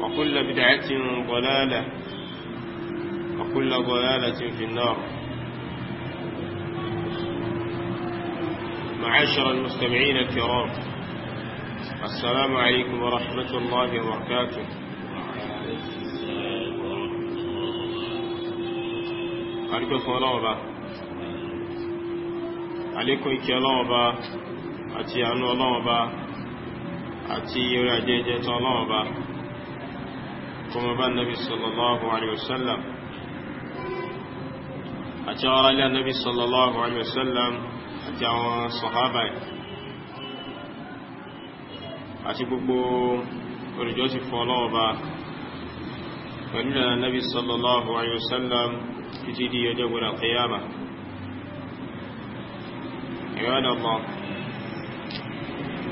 وكل بدعة ضلالة وكل ضلالة في النار معاشر المستمعين الكرام السلام عليكم ورحمة الله وبركاته عليكم الله عليكم الله àti عليكم السلام bá àti orí àjẹjẹ tán ọlọ́wọ́n bá kọmọ bá nabi sallallahu alaihi wasallam àti ọ̀rọ̀ ilé nabi sallallahu alaihi wasallam àti àwọn sọ̀hábà àti gbogbo olùjọ́ ti fọ́ ọlọ́wọ́ bá pẹ̀lú ìlànà nabi sallallahu alaihi wasallam títí di ọjọ́ gbọ́dọ̀ kiyama ìrọ̀dọ̀ mọ́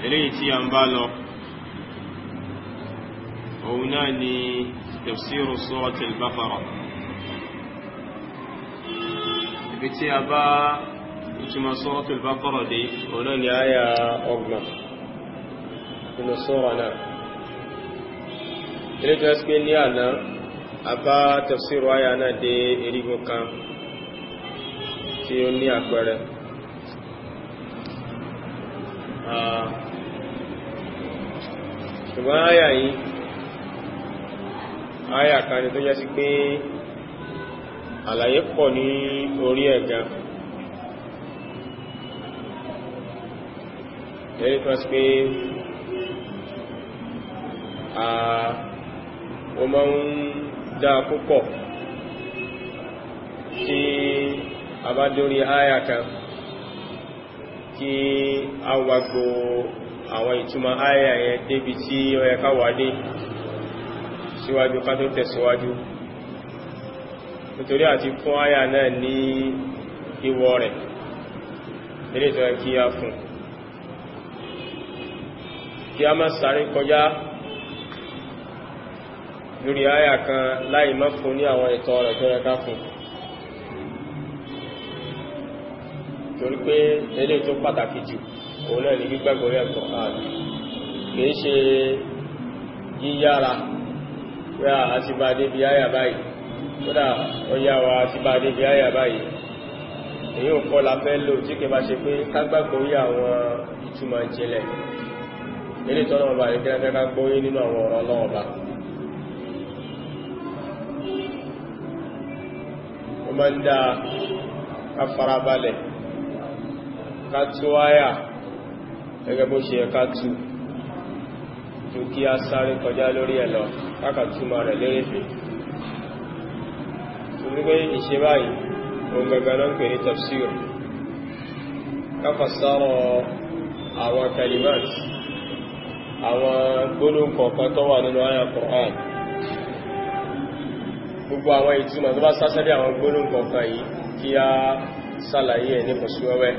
eléyìí tí a ń bá lọ òun náà ni tafsiru suratul Baqara ibi tí a bá ìtumọ̀ suratul Baqara dé òun náà ni àyà ọgbọ̀n nínú sura náà ilé tó ẹ́sìké ní àná a bá tafsiru àyà náà dé erigun kan tí ó ní àpẹẹrẹ ah, ṣùgbọ́n àyà yìí àyà kan ni tó jẹ́ sí pé àlàyé pọ̀ ní orí ẹ̀gá lẹ́yìn tó sí pé a o máa ń dá púpọ̀ tí a bá dórí àyà kan kí a wà gbò àwọn ìtumọ̀ àyà yẹn débi tí ó yẹ ká wà dé síwájú ká tó tẹ̀síwájú nítorí àti fún àyà náà ní ìwọ rẹ̀ ilé ìtọ́ kí a fún kí a má sáré kọjá lórí àyà kan láì má fún ní àwọn ìtọ́ rẹ̀ tó yẹ ká fún torí pé ilé tó pàtàkì jù òun náà ní gbígbàgbọ́ rẹ̀ kọ̀ọ̀kan kìí ṣe yíyára pé a ti bá débi àyà báyìí kódà ọya wa ti bá débi àyà báyìí èyí ò kọ́ la fẹ́ lò tí kẹ bá ṣe pé kágbàgbọ́ yí àwọn ìtumọ̀ ìjìnlẹ̀ ilé tọ́nà ọba ìkẹ́kẹ́kẹ́ gbọ́ yí nínú àwọn ọ̀rọ̀ náà ọba ó máa ń dá ká farabalẹ̀ ká tú àyà a sáré kọjá lórí ẹ̀ kákàtúmọ̀ rẹ̀ lérèfè tó wípé ìṣe báyìí ohun gangan náà ń pè ní tafsir káfàsárọ̀ àwọn kalimat àwọn gbónúhùn kọ̀ọ̀kan tó wà nínú àyà Qur'an gbogbo àwọn ìtumọ̀ tó bá sásẹ́dé àwọn gbónúhùn kọ̀ọ̀kan yìí kí a sàlàyé ẹ̀ ní fọ̀síwẹ́wẹ́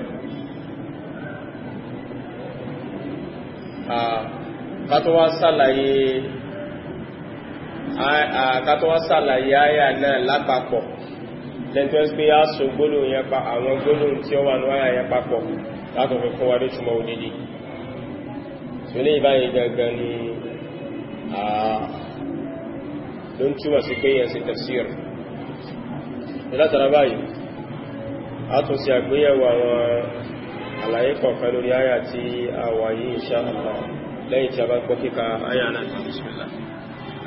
kátó wá sàlàyé àkátọ́wà sàlàyé àyà náà lápapọ̀ lẹ́tọ́ẹ́sì pé a so gbólóhùn yẹn pa àwọn gbólóhùn tí ó wà ní àyà yẹn papọ̀ látọ̀ fi fún wa ló túnmọ̀ òdìdí tí ó lè báyìí gangan ni ló ń túnmọ̀ sí pé yẹn sí tafsir látara báyìí a tún sí àgbéyẹ̀wò àwọn àlàyé kọ̀ọ̀kan lórí àyà tí a wà yìí insha Allah lẹ́yìn tí a bá gbọ́ kíka àyà náà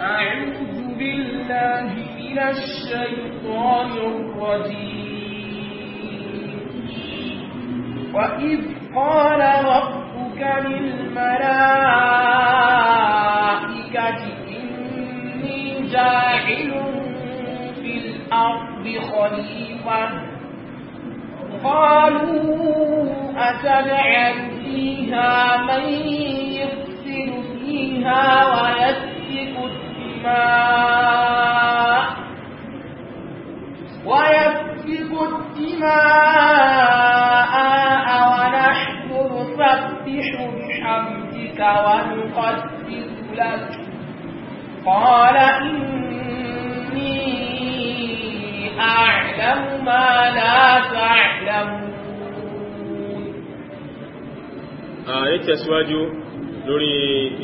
أعوذ بالله من الشيطان الرجيم وإذ قال ربك للملائكة إني جاعل في الأرض خليفة قالوا أتجعل فيها من يفسد فيها ويسفك الماء ويسفك الدماء ونحن نسبح بحمدك ونقدس لك قال إني أعلم ما لا تعلمون آية تسواجو lórí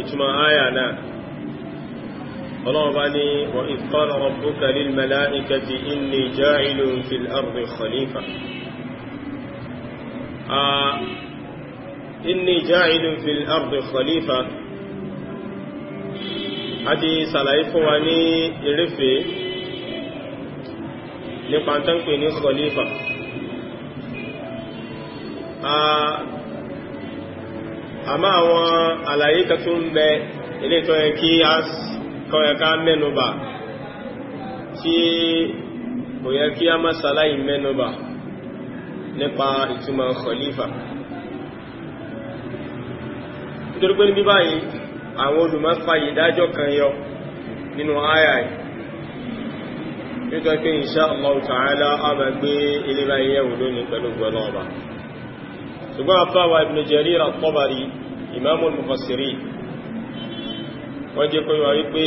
ìtumọ̀ àyà náà ọlọ́ọ̀bá ní wa idh qala rabbuka lil mala'ikati inni ja'ilun fil ardi khalifa inni ja'ilun fil ardi khalifa a ti sàlàyé fún wa ní ìrífẹ́ nípa tán pè ní khalifa àmá àwọn àlàyé kan ń bẹ ilé tó yẹ kí a tó yẹ ká mẹ́nubà tí kò yẹ kí a máa sàláì mẹ́nubà nípa ìtumọ̀ khalifa nítorí pé ní báyìí àwọn olùmọ́fà ìdájọ́ kan yọ nínú àyà yìí nítorí pé insha Allah ta'ala a máa gbé ilé báyìí yẹ̀wò lónìí pẹ̀lú gbọ́nà ọba ṣùgbọ́n afáwà Ibn Jarir at wọ́n jẹ́ kọ́yọ̀ wípé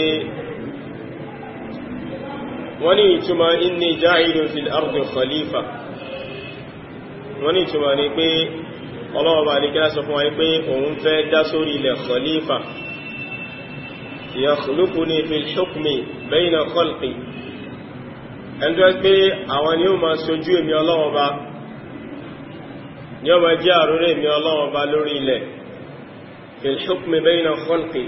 wọ́n ní ìtumọ̀ inni ja'ilun fil ardi khalifa wọ́n ní ìtumọ̀ ní pé ọlọ́ọ̀bà ní kí lásọ fún wa pé òun fẹ́ dá sórí ilẹ̀ khalifa yakhlufuni fil hukmi bayna khalqi ẹjọ́ pé àwọn ni ó ma sojú èmi ọlọ́ọ̀bà ni ó ma jẹ́ àrúrẹ́ èmi ọlọ́ọ̀bà lórí ilẹ̀ fil hukmi bayna khalqi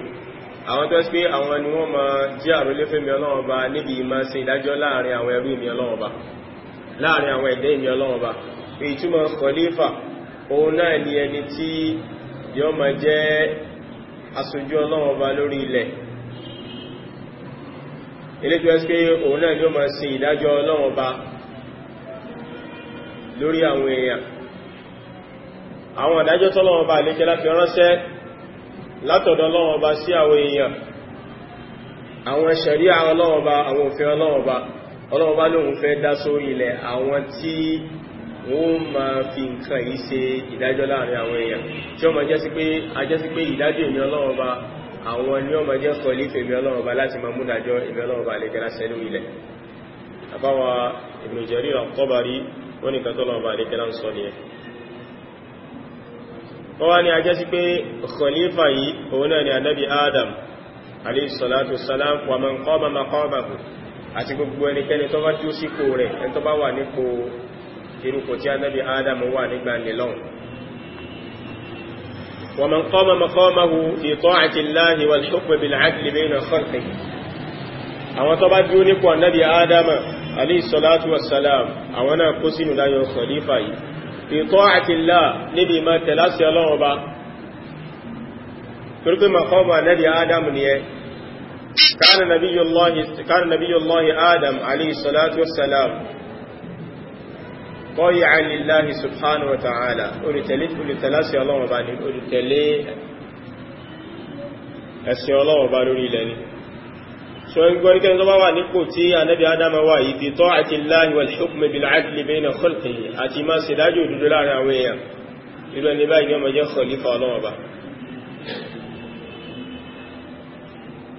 àwọn tó ṣe àwọn ni wọ́n máa jẹ́ àrólé fẹ́mi ọlọ́run níbi ìmọ̀ sí ìdájọ́ láàrin àwọn ẹrú mi ọlọ́run láàrin àwọn ẹ̀dẹ́ mi ọlọ́run ìtumọ̀ kọlífà òun náà ni ẹni tí yóò máa jẹ́ aṣojú ọlọ́run lórí ilẹ̀ ilé ìdájọ́ ọlọ́run ọba lórí àwọn èèyàn látọ̀dọ̀ Ọlọ́run Ọba sí àwọn èèyàn àwọn ṣẹ̀ríà Ọlọ́run Ọba àwọn òfin Ọlọ́run Ọba Ọlọ́run Ọba lóhun fẹ́ dá sórí ilẹ̀ àwọn tí wọ́n ma fi nǹkan yìí ṣe ìdájọ́ láàrin àwọn èèyàn tí ó ma jẹ́ sí pé ajẹ́ sí pé ìdájọ́ èmi Ọlọ́run Ọba àwọn ni ó ma jẹ́ sọ lífẹ̀ èmi Ọlọ́run Ọba láti ma múdájọ́ èmi Ọlọ́run Ọba lè gẹ́lá sẹ́lú ilẹ̀ àbáwa Ibn Jarir al-Tabari wọ́n ni kàtọ́lọ́wọ́ Ọba lè gẹ́lá ń sọ nìyẹn wọ́n wá ní ajẹ́ sí pé khalifa yìí òun náà ni anábi adam aleyhisalatu salam wa man qama maqamahu àti gbogbo ẹnikẹ́ni tó bá tí ó síkò rẹ̀ ẹni tó bá wà nípò irúkò tí anábi adam wà nígbà nílọ́n wa man qama maqamahu fi ta'ati llahi ìtọ́àtìlá níbi ìmọ̀ tẹ̀láṣì ọlọ́run ọba torípé makọ́mà nẹ́bí adam ni ẹ kánà nabiyullahi adam alayhi salatu wassalam kọ́yí alillahi subhanahu wa ta'ala olùtẹ̀láṣì ọlọ́run ọba ni olùtẹ̀lé ẹ̀sìn ọlọ́run ọba lórí ilẹ̀ ni ṣọ́gbọ́n ní kẹ́ntọ́ bá wà nípò tí anẹ́bí adama wà yìí fi tọ́ àti láàrín wà ṣùkùnmí bí láàrín bẹ́ẹ̀ na kọ́lùkì àti máa ṣe dájú òdúdó láàrín àwọn èèyàn irú ẹni báyìí ni ọmọ jẹ́ kọlífà ọlọ́wọ́ba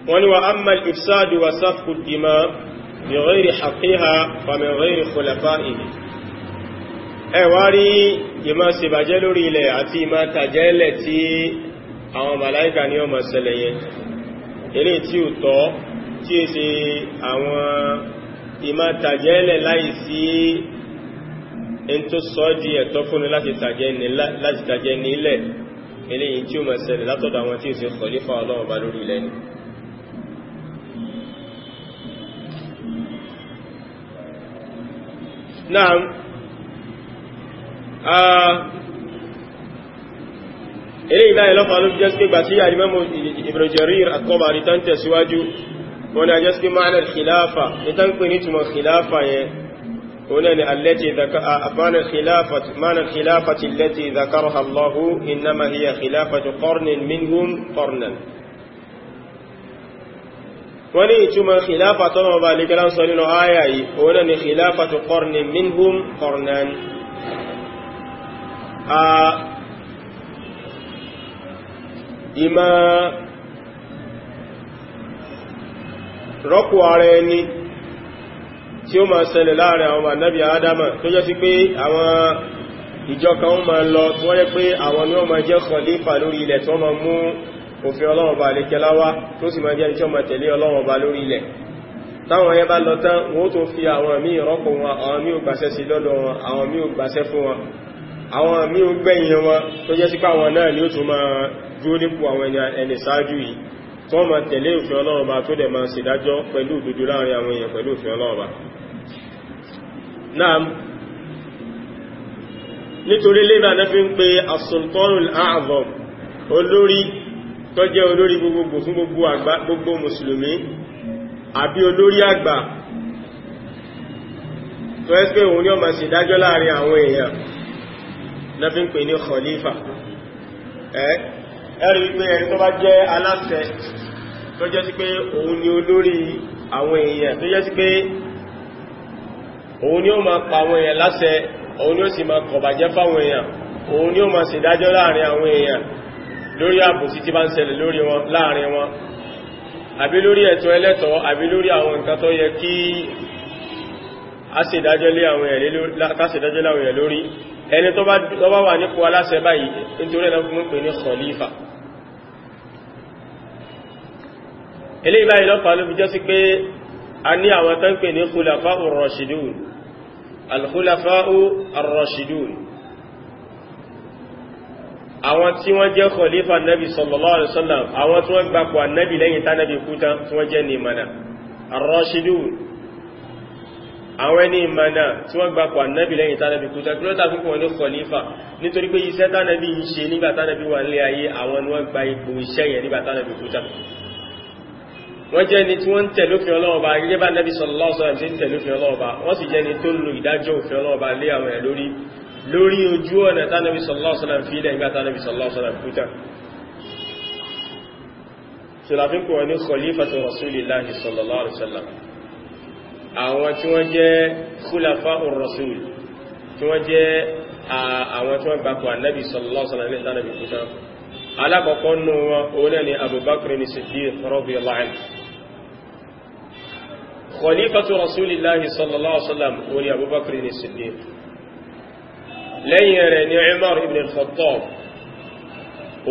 wọ́n ni wa amma ifsadu wa safu dima bi ghairi lórí ilẹ̀ àti ìmá tàjẹ́lẹ̀ tí àwọn màláìkà ni ọmọ ṣẹlẹ̀ yẹn eré tí ò tọ́ tí é ṣe àwọn ìmá tàjẹ́lẹ̀ láì sí in tó sọ di ẹ̀tọ́ fún láti tàjẹ́ nílẹ̀ eléyìn tí ó mọ̀ ṣẹlẹ̀ látọ̀dọ̀ àwọn tí ó ṣe kọlífà ọlọ́run bá lórí ilẹ̀ ni náà eléyìn láyẹ̀ lọ́fà ló jẹ́ sí pé gbà sí àrímẹ́mọ̀ Ibn Jarir àkọ́bà àrítàn tẹ̀síwájú wọ́n ni a jẹ́ sí ma'anar khilafa ìta ń pè ní túnmọ̀ khilafa yẹ wọ́n ni ma'anar khilafa ti lẹ́tí zakar hallahu iná ma hiya khilafa ti ƙornin minhum ƙornin wọ́n ni ìtumọ̀ khilafa tọ́nà rọ́pò ara ẹni tí ó máa ṣẹlẹ̀ láàrin àwọn ànábì adama tó jẹ́ sí pé àwọn ìjọ kan máa lọ tó yẹ́ pé àwọn ni ó máa jẹ́ khalifa lórí ilẹ̀ tó ma mú òfin ọlọ́run bá lè kẹláwá tó sì ma jẹ́ tí tẹ̀lé ọlọ́run lórí ilẹ̀ táwọn bá lọ tán wọ́n tó fi àwọn wọn àwọn mí ò gbàṣẹ́ sí lọ́dọ̀ wọn àwọn mí ò gbàṣẹ́ fún wọn àwọn mí ò gbẹ̀yìn wọn tó jẹ́ tó ma tẹ̀lé òfin ọlọ́run bá tó dẹ̀ ma ṣèdájọ́ pẹ̀lú òdodo láàrin àwọn èèyàn pẹ̀lú òfin ọlọ́run bá náà nítorí lébà náà fi ń pe as-sultanul a'zam olórí tó jẹ́ olórí gbogbogbò fún gbogbo àgbà gbogbo mùsùlùmí àbí olórí àgbà tó ẹ́ pé òun ní ó máa ṣe dájọ́ láàrin àwọn èèyàn náà fi ń pè ní khalifa ẹ́ ẹ̀rí pé ẹni tó bá jẹ́ aláṣẹ tó jẹ́ sí pé òun ni olórí àwọn èèyàn tó jẹ́ sí pé òun ni ó máa pa àwọn èèyàn láṣẹ òun ni ó sì máa kọ̀bàjẹ́ fáwọn èèyàn òun ni ó máa ṣèdájọ́ láàrin àwọn èèyàn lórí àbòsí tí bá ń ṣẹlẹ̀ lórí wọn láàrin wọn àbí lórí ẹ̀tọ́ ẹlẹ́tọ́ àbí lórí àwọn nǹkan tó yẹ kí a ṣèdájọ́ lé àwọn èèyàn lórí ẹni tó bá wà nípò aláṣẹ báyìí nítorí ẹ̀nà fún mú pè ní khalifa eléyìí báyìí lọ́pàá ló fi jẹ́ sí pé a ní àwọn tán pè ní khulafa'u rashidun al-khulafa'u ar-rashidun àwọn tí wọ́n jẹ́ khalifa nabi sallallahu alaihi wasallam àwọn tí wọ́n gbapò nabi lẹ́yìn tá nabi kú tán tí wọ́n jẹ́ ní ìmọ̀nà ar-rashidun àwọn ẹni ìmọ̀nà tí wọ́n gbapò nabi lẹ́yìn tá nabi wọ́n jẹ́ ni tí wọ́n ń tẹ̀lé òfin ọlọ́ọ̀ba gẹ́gẹ́ bá nẹ́bí sallallahu alaihi wasallam tí ń tẹ̀lé òfin ọlọ́ọ̀ba wọ́n sì jẹ́ ni tó lo ìdájọ́ òfin ọlọ́ọ̀ba lé àwọn ẹ̀ lórí lórí ojú ọ̀nà tánàbí sallallahu alákọ̀ọ́kọ́ nù wọn òun ni abubakar ni siddiq radiyallahu anhu khalifatu rasulillahi sallallahu alaihi wasallam orí abubakar ní siddiq lẹ́yìn rẹ̀ ni umar ibn al-khattab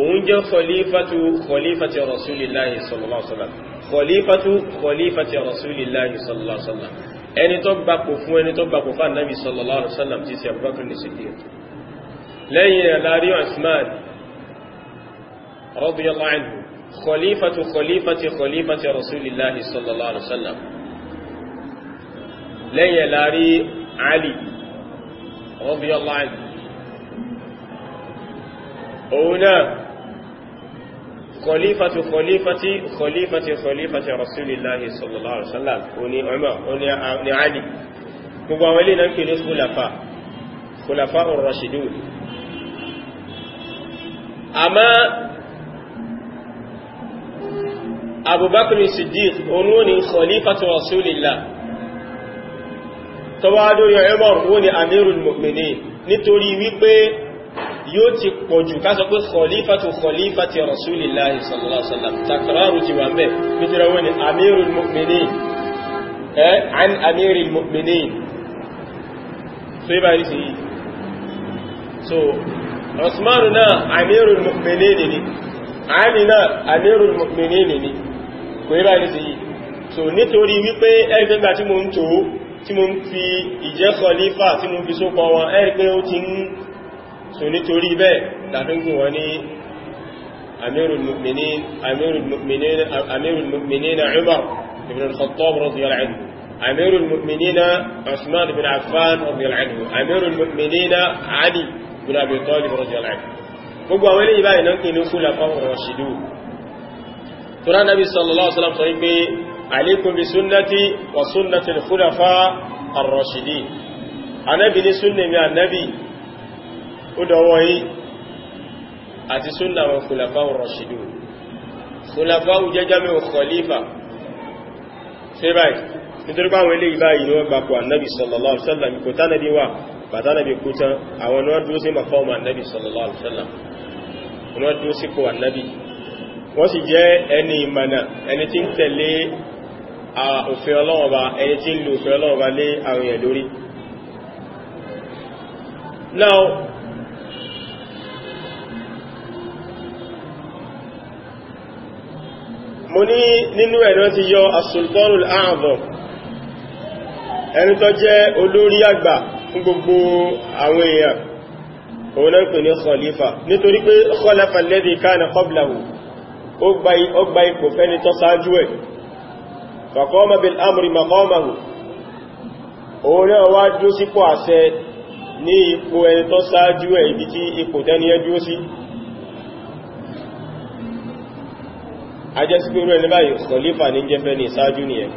òun jẹ́ khalifatu khalifati rasulillahi sallallahu alaihi wasallam khalifatu khalifati rasulillahi sallallahu alaihi wasallam ẹni tó gbapò fún ẹni tó gbapò fún annabi sallallahu alaihi wasallam ti sí abubakar ní siddiq lẹ́yìn rẹ̀ láàrin usman radiyallahu anhu khalifatu khalifati khalifati rasulillahi sallallahu alaihi wasallam lẹ́yìn lárí Ali radiyallahu anhu òun náà kọlífàtí kọlífàtí kọlífàtí kọlífàtí rasulillahi sallallahu alaihi wasallam oní Umar oní Ali gbogbo àwọn ilé náà kìí kúlàfà kúlàfà ar-rashidun àmá Abubakar Siddiq onú ni kọlífàtí rasulillah tọwádó yọ Umar wó ni amirul mu'minin nítorí wípé yóò ti pọ̀jù kásọ pé khalifatu khalifati rasulillahi sallallahu alaihi wasallam takraru ti wà mẹ́ nítorí wọ́n ni amirul mu'minin ẹ́ an amirul mu'minin so yíba yìí sí yìí so Usmanu náà amirul mu'minin ni Ali náà so nítorí wípé ẹgbẹ́gbà tí mo ń tòó tí mo ń fi ìjẹ́ kọlífà tí mo fi sókọ wọn ẹ́rì pé ó ti ń sọ nítorí bẹ́ẹ̀ tàfíngùn wọn ní amirul mu'minin amirul mu'minin amirul mu'minin Umar ibn al-Khattab radiyallahu anhu amirul mu'minin Uthman ibn Affan radiyallahu anhu amirul mu'minin Ali ibn Abi Talib radiyallahu anhu gbogbo àwọn ilé ìbáyìí náà kí ní kúlà fáwọn ọ̀rọ̀ ṣìdú tó rá nàbí sallallahu alaihi wasallam sọ عليكم بسنتي وسنة الخلفاء الراشدين Ànábì ní sunna mi Ànábì udawoyi àti sunna wa khulafa ar-rashidun khulafa ujajame wa khalifa ṣé báyìí nítorí pa àwọn eléyìí báyìí ni wọ́n gbà kó Ànábì sallallahu alaihi wasallam kò ta nabi wa ba ta nabi kú tán àwọn ni wọ́n dúró sí maqam Ànábì sallallahu alaihi wasallam wọ́n dúró sí kó Ànábì wọ́n sì jẹ́ ẹni ìmànà ẹni tí òfin ọlọ́ọ̀ba ẹni tí ń lò òfin ọlọ́ọ̀ba lé àwọn èèyàn lórí now mo ní nínú ẹ̀nà ti yọ asultanul aazọ ẹni tó jẹ́ olórí àgbà fún gbogbo àwọn èèyàn òun náà pè ní khalifa nítorí pé khalafa alladhi kana qablahu ó gba ipò fẹ́ni tó ṣáájú ẹ̀ fàkọ́mà bil amri maqamahu orí ọwá dúó sípò àṣẹ ní ipò ẹni tó sáájú ẹ̀ ibi tí ipò tẹ́ni ẹ dúó sí ajẹ́sípérú ẹni báyìí kọlífà ní jẹ́fẹ́ ní sáájú ni ẹ̀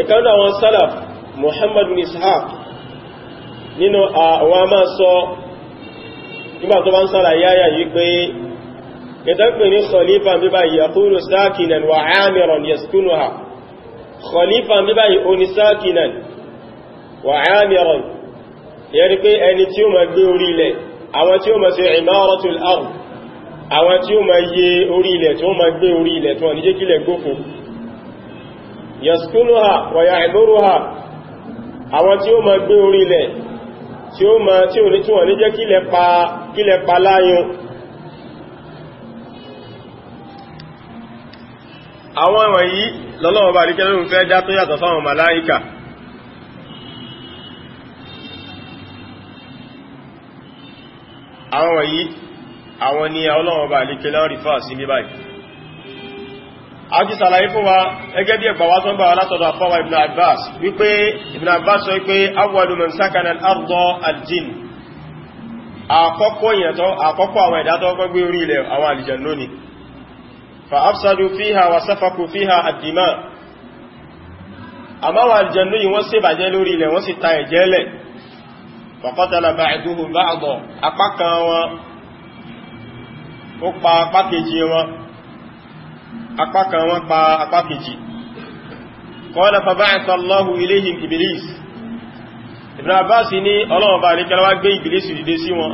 ìkánà àwọn salaf muhammadu ishaq nínú àwọn máa sọ nígbà tó bá ń sára yáyà yìí pé ìtọ́pẹ̀ ní khalifa bíbá yaqulu sakinan wa amiran yaskunuha khalifa bíbá oní sakinan wa amiran yẹ rí pé ẹni tí ó ma gbé orí ilẹ̀ àwọn tí ó ma ṣe imaratul ard àwọn tí ó ma yẹ orí ilẹ̀ tí ó ma gbé orí ilẹ̀ tí wọ́n ní jẹ́kílẹ̀ gbófo àwọn wọ̀nyí lọ́lọ́wọ́ bá ríkẹ́ lórí fẹ́ dá tó yàtọ̀ sáwọn màláíkà àwọn wọ̀nyí àwọn ni ọlọ́wọ́ bá ríkẹ́ lórí fà sí bí báyìí a ti sàlàyé fún wa ẹgẹ́ bí ẹgbà wá bá látọ̀dọ̀ àfọwà Ibn Abbas wípé Ibn Abbas sọ wípé awwalu man sakana al-ardha al-jinn àkọ́kọ́ ìyẹ̀tọ́ àkọ́kọ́ àwọn ẹ̀dá tó kọ́gbé orí ilẹ̀ àwọn àlìjẹ̀ lónìí فأفسدوا فيها وسفكوا فيها الدماء أما والجنة يوسي بجلوري لوسي تايجل فقتل بعضهم بعضا أقاكا وقبا أقاكجي أقاكا وقبا أقاكجي قال فبعث الله إليهم إبليس ابن عباس ni ọlọ́wọ́ bá ní kẹlọ́wà gbé ìgbìlẹ́sì dìde sí wọn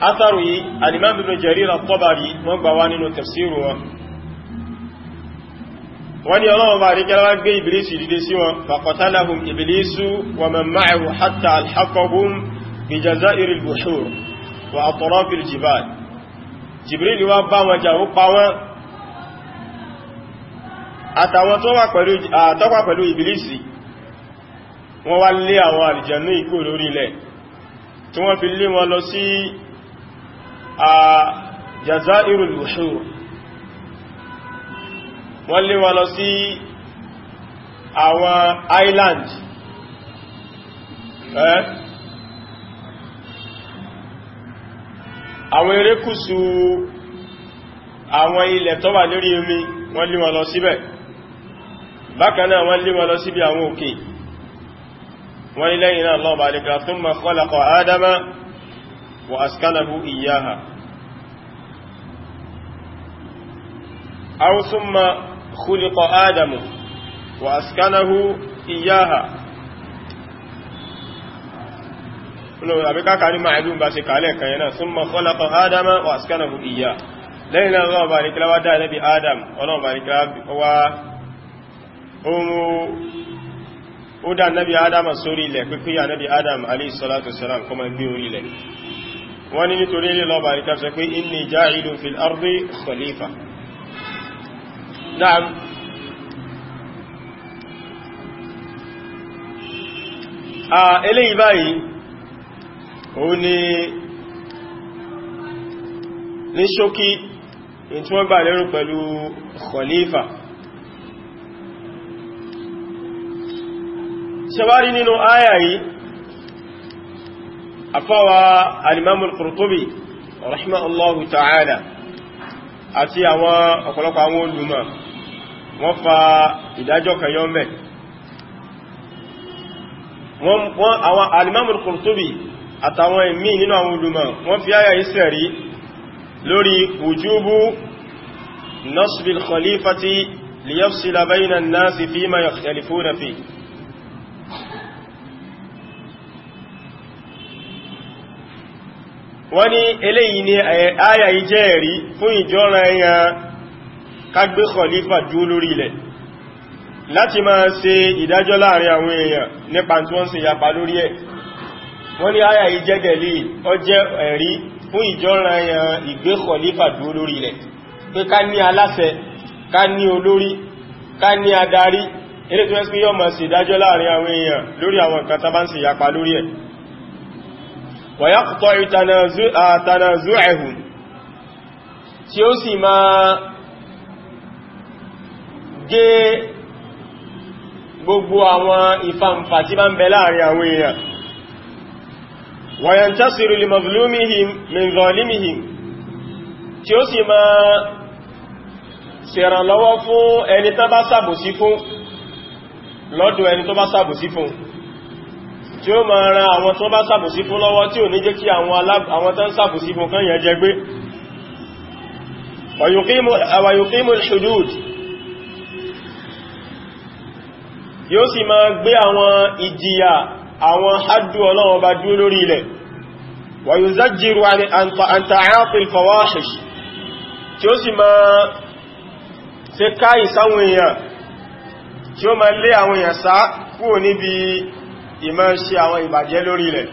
atharu yìí alimam ibn jarir at-tabari wọ́n gbà wá nínú tafsiru wọn wọ́n ní ọlọ́wọ́ bá rí kẹrẹ wá gbé ibilisu dìde sí wọn faqatalahum ibilisu wa man ma'ahu hatta alhaqahum wọ́n wá tí wọ́n fi lé wọn lọ sí a jazairul bushur wọ́n lé wọn lọ sí àwọn island ẹ́ àwọn erékùsù àwọn ilẹ̀ tó wà lórí omi wọ́n lé wọn lọ síbẹ̀ bákanáà wọ́n lé wọn lọ síbi àwọn òkè wọ́n ilẹ̀ ìrìnà lọ́bàá lè tó mọ̀ kọ́lọ̀kọ̀ ádámá وأسكنه إياها أو ثم خلق آدم وأسكنه إياها àbíká kàrí máa ẹlú bá ṣe kàálẹ̀ kan yana summa khalaqa Adama wa askanahu iyyah lẹ́yìn náà ọlọ́wọ́ bá nìkílá wá dáa lẹ́bí Adam ọlọ́wọ́ bá nìkílá wá ó dá nẹ́bí Adam sórí ilẹ̀ pípíyà nẹ́bí Adam alayhi salatu wassalam kọmọ gbé orí ilẹ̀ wọ́n ní nítorí ilé lọ́bà àríkà sọ pé inni ja'ilun fil ardi khalifa náà a eléyìí báyìí ó ní ní ṣókí tí wọ́n bá lérò pẹ̀lú khalifa ṣe nínú áyà afáwa alimamul Qurtubi rahimahullahu ta'ala àti àwọn ọ̀pọ̀lọpọ̀ àwọn olùmọ̀ wọ́n fa ìdájọ́ kan yọ mẹ́ wọ́n àwọn alimamul Qurtubi àtàwọn ẹ̀mí nínú àwọn olùmọ̀ wọ́n fi àyà ìsẹ̀ rí lórí wujubu nasbil khalifati liyafsila bayna an-nasi fima yakhtalifuna fihi wọ́n ní eléyìí ni àyà yìí jẹ́ ẹ̀rí fún ìjọ́ra ẹ̀yàn kágbé khalifa dúó lórí ilẹ̀ láti máa ṣe ìdájọ́ láàrin àwọn èèyàn nípa tí wọ́n ṣe yapa lórí ẹ̀ wọ́n ní àyà yìí jẹ́ gẹ̀lì ó jẹ́ ẹ̀rí fún ìjọ́ra ẹ̀yàn ìgbé khalifa dúó lórí ilẹ̀ pé ويقطع تنازعهم tí ó sì máa gé gbogbo àwọn ìfàǹfà tí bá ń bẹ láàrin àwọn èèyàn wàyàntásírù lè mazlúmihim mẹ́zọ̀límihim tí ó sì máa ṣèrànlọ́wọ́ fún ẹni tó bá ṣàbòsí fún fún tí ó máa ran àwọn tó bá sàbòsí fún lọ́wọ́ tí ò ní jẹ́ kí àwọn tán sàbòsí fún kan yẹn jẹ gbé wàyùkímù ṣùdúd yóò sì máa gbé àwọn ìjìyà àwọn haddù ọlọ́wọ́ bá dúró lórí ilẹ̀ wàyùzájìrù àntàáfil fawahish tí ó sì máa ṣe káì sáwọn èèyàn tí ó máa lé àwọn èèyàn sá kúrò níbi ìmọ́ ṣe àwọn ìbàjẹ́ lórí ilẹ̀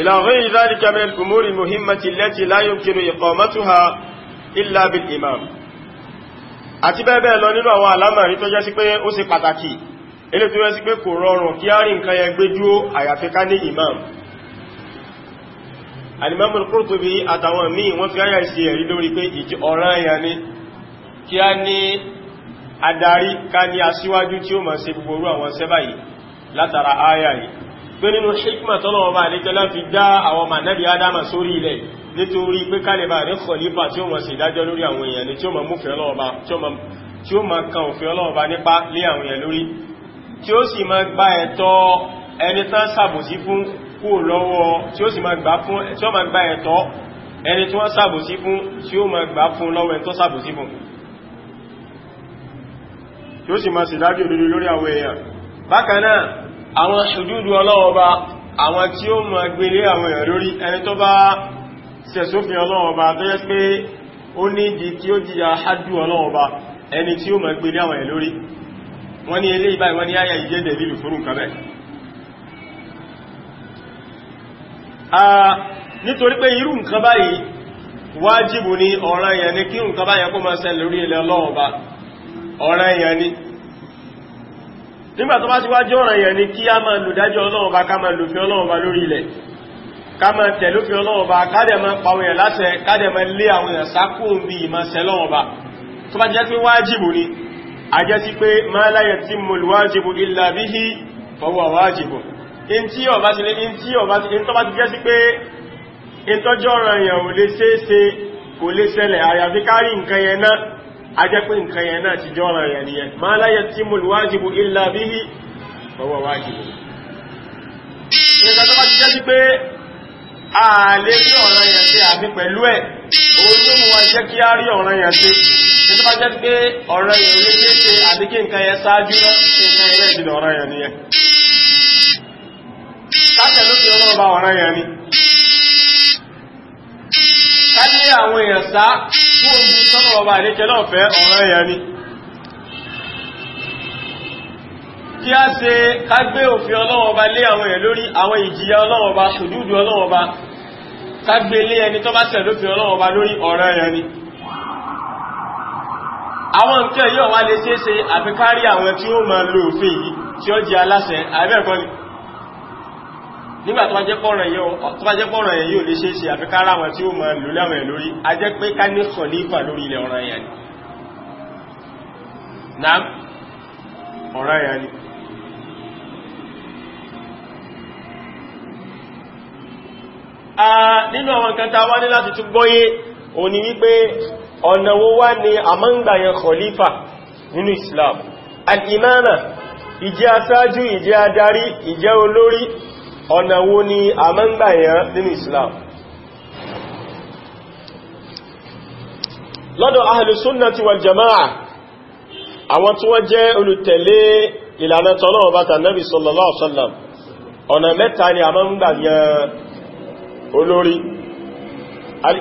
ila ghayri dhalika min al-umuri al-muhimmati allati la yumkinu iqamatuha illa bil-imam àti bẹ́ẹ̀ bẹ́ẹ̀ lọ nínú àwọn àlámọ̀rí tó jẹ́ sí pé ó ṣe pàtàkì ilé tó jẹ́ sí pé kí a ní adarí ká ní aṣíwájú tí ó máa ṣe gbogbo àwọn sẹ́bà yìí látara áyà yìí pé nínú hikma tọ́lọ̀wọ́ bá àlejò láti dá àwọn mànẹ́bí adama sórí ilẹ̀ nítorí pé kálẹ̀bà ní kọ̀lífà tí ó máa ṣe ìdájọ́ lórí àwọn èèyàn ni tí ó máa mú tí ó máa kan òfin ọlọ́ọ̀bá nípa lé àwọn èèyàn lórí tí ó sì máa lọ́wọ́ tí ó sì máa sì dájú òdodo lórí àwọn èèyàn bákan náà àwọn ṣùdúdú ọlọ́wọ́ba àwọn tí ó máa gbélé àwọn èèyàn lórí ẹni tó bá ṣẹ̀sófin ọlọ́wọ́ba tó yẹ pé ó ní ìdí tí ó jìyà hádù ọlọ́wọ́ba ẹni tí ó máa gbélé àwọn èèyàn lórí wọ́n ní ilé ìbáyìí wọ́n ní ayà ìjẹ́ dẹ̀lìlù fórùn kàbẹ̀ nítorí pé irú nǹkan báyìí wájìbù ni ọ̀ranyàn ni kí nǹkan báyìí kó máa ṣẹlẹ̀ lórí ilẹ̀ ọlọ́wọ́ba ọ̀ràn èèyàn ni nígbà tó bá ti wá jẹ́ ọ̀ràn èèyàn ni kí a máa lò dájọ́ ọlọ́run bá ká máa lòfin ọlọ́run bá lórí ilẹ̀ ká máa tẹ̀lófin ọlọ́run bá kádẹ̀ máa pa òyìn láṣẹ kádẹ̀ máa lé àwọn èèyàn sákòó ni a jẹ́ sí pé ma la yatimul wájìbù illa bihi fahuwa wájìbù in tí ọba ti lé in tí ọba ti in tó in tọ́jọ́ ọ̀ràn kò lè ṣẹlẹ̀ àyàfi nǹkan yẹn náà ajẹ́pẹ́ nǹkan yẹn náà ti jọ́ra yẹn nìyẹn ma la yatimul wájibù illa bihi fọwọ́ wájibù nǹkan tó bá ti jẹ́ sí pé ààlé sí ọ̀ràn yẹn sí àfi pẹ̀lú ẹ̀ òun rí ọ̀ràn yẹn sí àbí kí nǹkan yẹn ṣáájú ọlọ́ọ̀bá ọ̀ràn yẹn ni káyà àwọn èèyàn sá fún ogun tọ́nà ọba àdékẹ́ náà fẹ́ ọ̀rọ̀ èèyàn ni kí a ṣe kágbé òfin ọlọ́wọ́ ọba lé àwọn èèyàn lórí àwọn ìjìyà ọlọ́wọ́ ọba sòdúdú ọlọ́wọ́ ọba kágbé lé ẹni tó bá tẹ̀lófin ọlọ́wọ́ ọba lórí ọ̀rọ̀ èèyàn ni àwọn nǹkan yóò wá lè ṣeéṣe àfikárí àwọn tí ó máa lo òfin yìí tí ó jẹ aláṣẹ àbẹ́ẹ̀kọ́ ni nígbà tó wá jẹ́ pọ́nrán yẹn yóò lè ṣe é ṣe àfikára àwọn tí ó mọ̀ lò láwọn ẹ̀ lórí a jẹ́ pé ká ní kọ̀lífà lórí ilẹ̀ ọ̀ràn yẹn ni naam ọ̀ràn ni nínú àwọn nǹkan tá wá ní láti tún gbọ́yé òní wípé ọ̀nà wá ní àmọ́ngbà yẹn nínú Islam al imana, ìjẹ́ aṣáájú ìjẹ́ adarí ìjẹ́ olórí ọ̀nà wo ni a máa ń gbà yàn nínú Islam lọ́dọ̀ ahlu sunnati wal jama'a àwọn tí wọ́n jẹ́ olùtẹ̀lé ìlànà tọ́lọ́wọ́ bàtà Nabi sallallahu alaihi wasallam ọ̀nà mẹ́ta ni a máa ń gbà yàn olórí al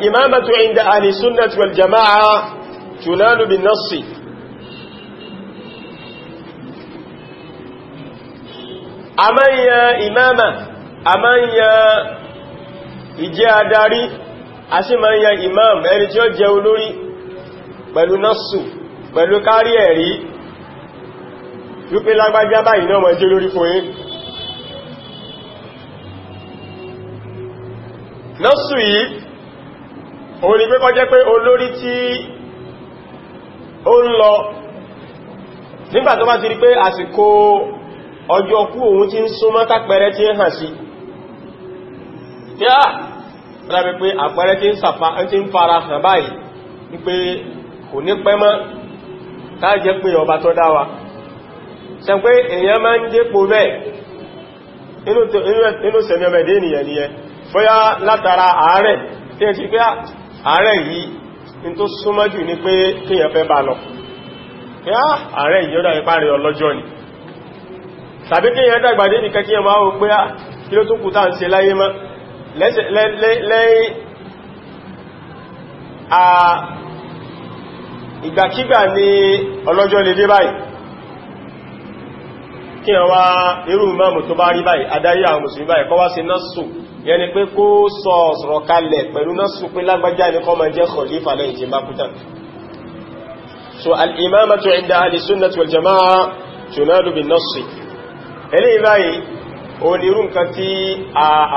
a máa ń yan ìjẹ́ adarí a sì máa ń yan imam ẹni tí ó jẹ olórí pẹ̀lú nọ́sù pẹ̀lú kárí ẹ̀rí wípé lágbájá báyìí náà mọ̀ jẹ́ lórí fún yín nọ́sù yìí òun ni pé kó jẹ́ pé olórí tí ó ń lọ nígbà tó bá ti rí pé àsìkò ọjọ́ kú òun ti ń súnmọ́ tápẹrẹ tí ń hàn sí kí á rábẹ́ pé àpẹẹrẹ tí ń fara hàn báyìí ní pé kò ní pẹ́ mọ́ káàjẹ́ pé ọba tó dá wa ṣe pé èèyàn máa ń jẹ́pò bẹ́ẹ̀ inú sẹ̀mí ọmọ ni ẹ bóyá látara àárẹ̀ tí ẹ ti pé àárẹ̀ yìí ní tó súnmọ́ jù ní pé kíyàn fẹ́ bá lọ àárẹ̀ yìí ó ni tàbí kíyàn dàgbà dé nìkan kíyàn máa ó ah, kí ló tún kù táà ń ṣe láyé mọ́ lẹ́yìn a ìgbàkígbà ní ọlọ́jọ́ lè dé báyìí kí ọwá irú mọ́mù tó bá rí báyìí adáyé àwọn mùsùlùmí báyìí kọwá sí násù yẹni pé kó sọ ọ̀sọ̀rọ̀ kalẹ̀ pẹ̀lú násù pé lágbàjá ní kọmọ jẹ́ jẹ́ mákútà so onírú nǹkan tí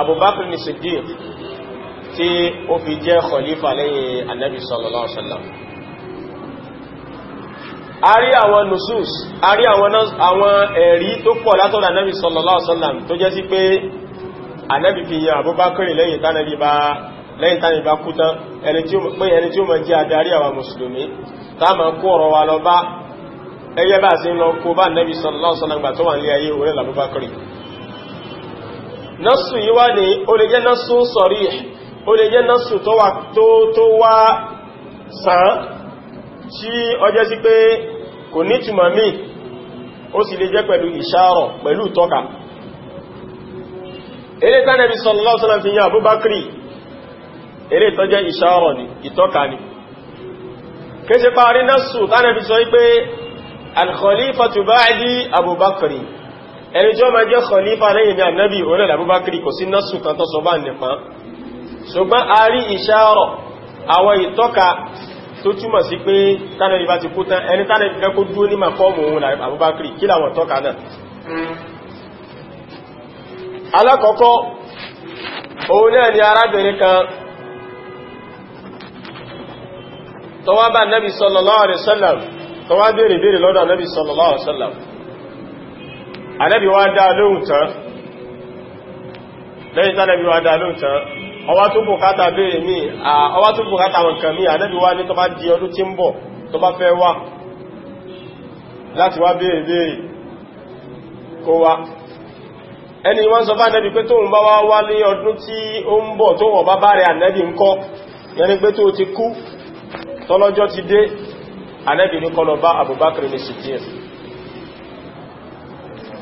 Abubakar ní Siddiq tí ó fi jẹ́ khalifa lẹ́yìn annabi sallallahu alaihi wasallam a rí àwọn nusus a rí àwọn ẹ̀rí tó pọ̀ látọ̀dọ̀ annabi sallallahu alaihi wasallam tó jẹ́ sí pé annabi fi yẹ Abubakar lẹ́yìn tánàbí bá lẹ́yìn ẹni tí ó mọ̀ jẹ́ adarí àwọn mùsùlùmí tá kó ọ̀rọ̀ wa lọ bá ẹgbẹ́ bá sí lọ kó bá annabi sallallahu alaihi gbà tó wà ní ayé orílẹ̀ Abubakar násù yíwá ní ó lè jẹ́ násù sọ̀rí ó lè jẹ́ násù tó wà tó wá sàn tí ọjẹ́ sí pé kò ní túmọ̀ mí ó sì lè jẹ́ pẹ̀lú ìṣàrọ̀ pẹ̀lú tọ́ka eré tánàbí sallallahu alaihi wasallam ni ìtọ́ka ni kéṣe parí násù tánàbí sọ wípé al-khalifatu ba'di Abubakri ẹni tí ó máa jẹ́ khalifa lẹ́yìn ní ànábì orílẹ̀ àbúbákiri kò sí násù kan tó sọ bá nìpa ṣùgbọ́n a rí ìṣàrọ̀ àwọn ìtọ́ka tó túmọ̀ sí pé tánàrí bá ti kú tán ẹni tánàrí fẹ́ kó dúó ní màkọ́mù òun àbúbákiri kí làwọn tọ́ka náà alákọ̀ọ́kọ́ òun náà ni arábìnrin kan bá nábì sallallahu alaihi wasallam tó wá béèrè lọ́dọ̀ nábì sallallahu alaihi Ànábì wá dá lóhùn tán lẹ́yìn tánàbí wá dá lóhùn tán ọwá tó bùkátà béèrè mí ọwá tó bùkátà wọn kàn mí Ànábì wá ní tó bá di ọdún tí ń bọ̀ tó bá fẹ́ wá láti wá béèrè béèrè kó wá ẹni wọ́n sọ bá Ànábì pé tóun bá wá wá ní ọdún tí ó ń bọ̀ tó wọ̀n bá bá rẹ̀ Ànábì ń kọ́ yẹni pé tó ti kú tọ́lọ́jọ́ ti dé Ànábì ní kọlọ bá Abubakar ní Siddiq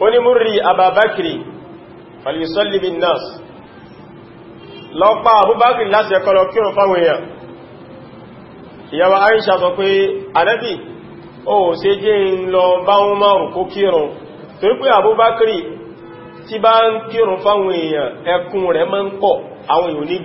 oní múrí àbàbákìrì fàlìsọ́lì bin nas lọ pa àbúbákìrì láti ẹkọlọ kírùn fáwọn èèyàn ìyàwó àìṣà sọ pé ànábì ó ṣe jẹ́ ń lọ bá wọn márùn kó kírùn torí pé àbúbákìrì tí bá ń kírùn fáwọn èèyàn ẹkùn rẹ̀ máa ń pọ̀ àwọn èèyàn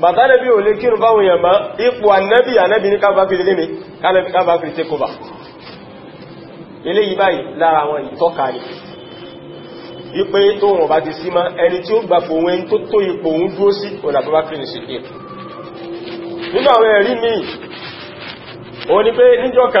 bàtà nẹ́bí ò lè kírun báwọn èèyàn má ipò ànẹ́bí ànẹ́bí ní kábàkiri lé mi kábàkiri tí kò bá ilé yìí báyìí lára àwọn ìtọ́ka ni wípé tó wọn bá ti sí má ẹni tí ó gbà fòun ẹni tó tó ipò òun dúró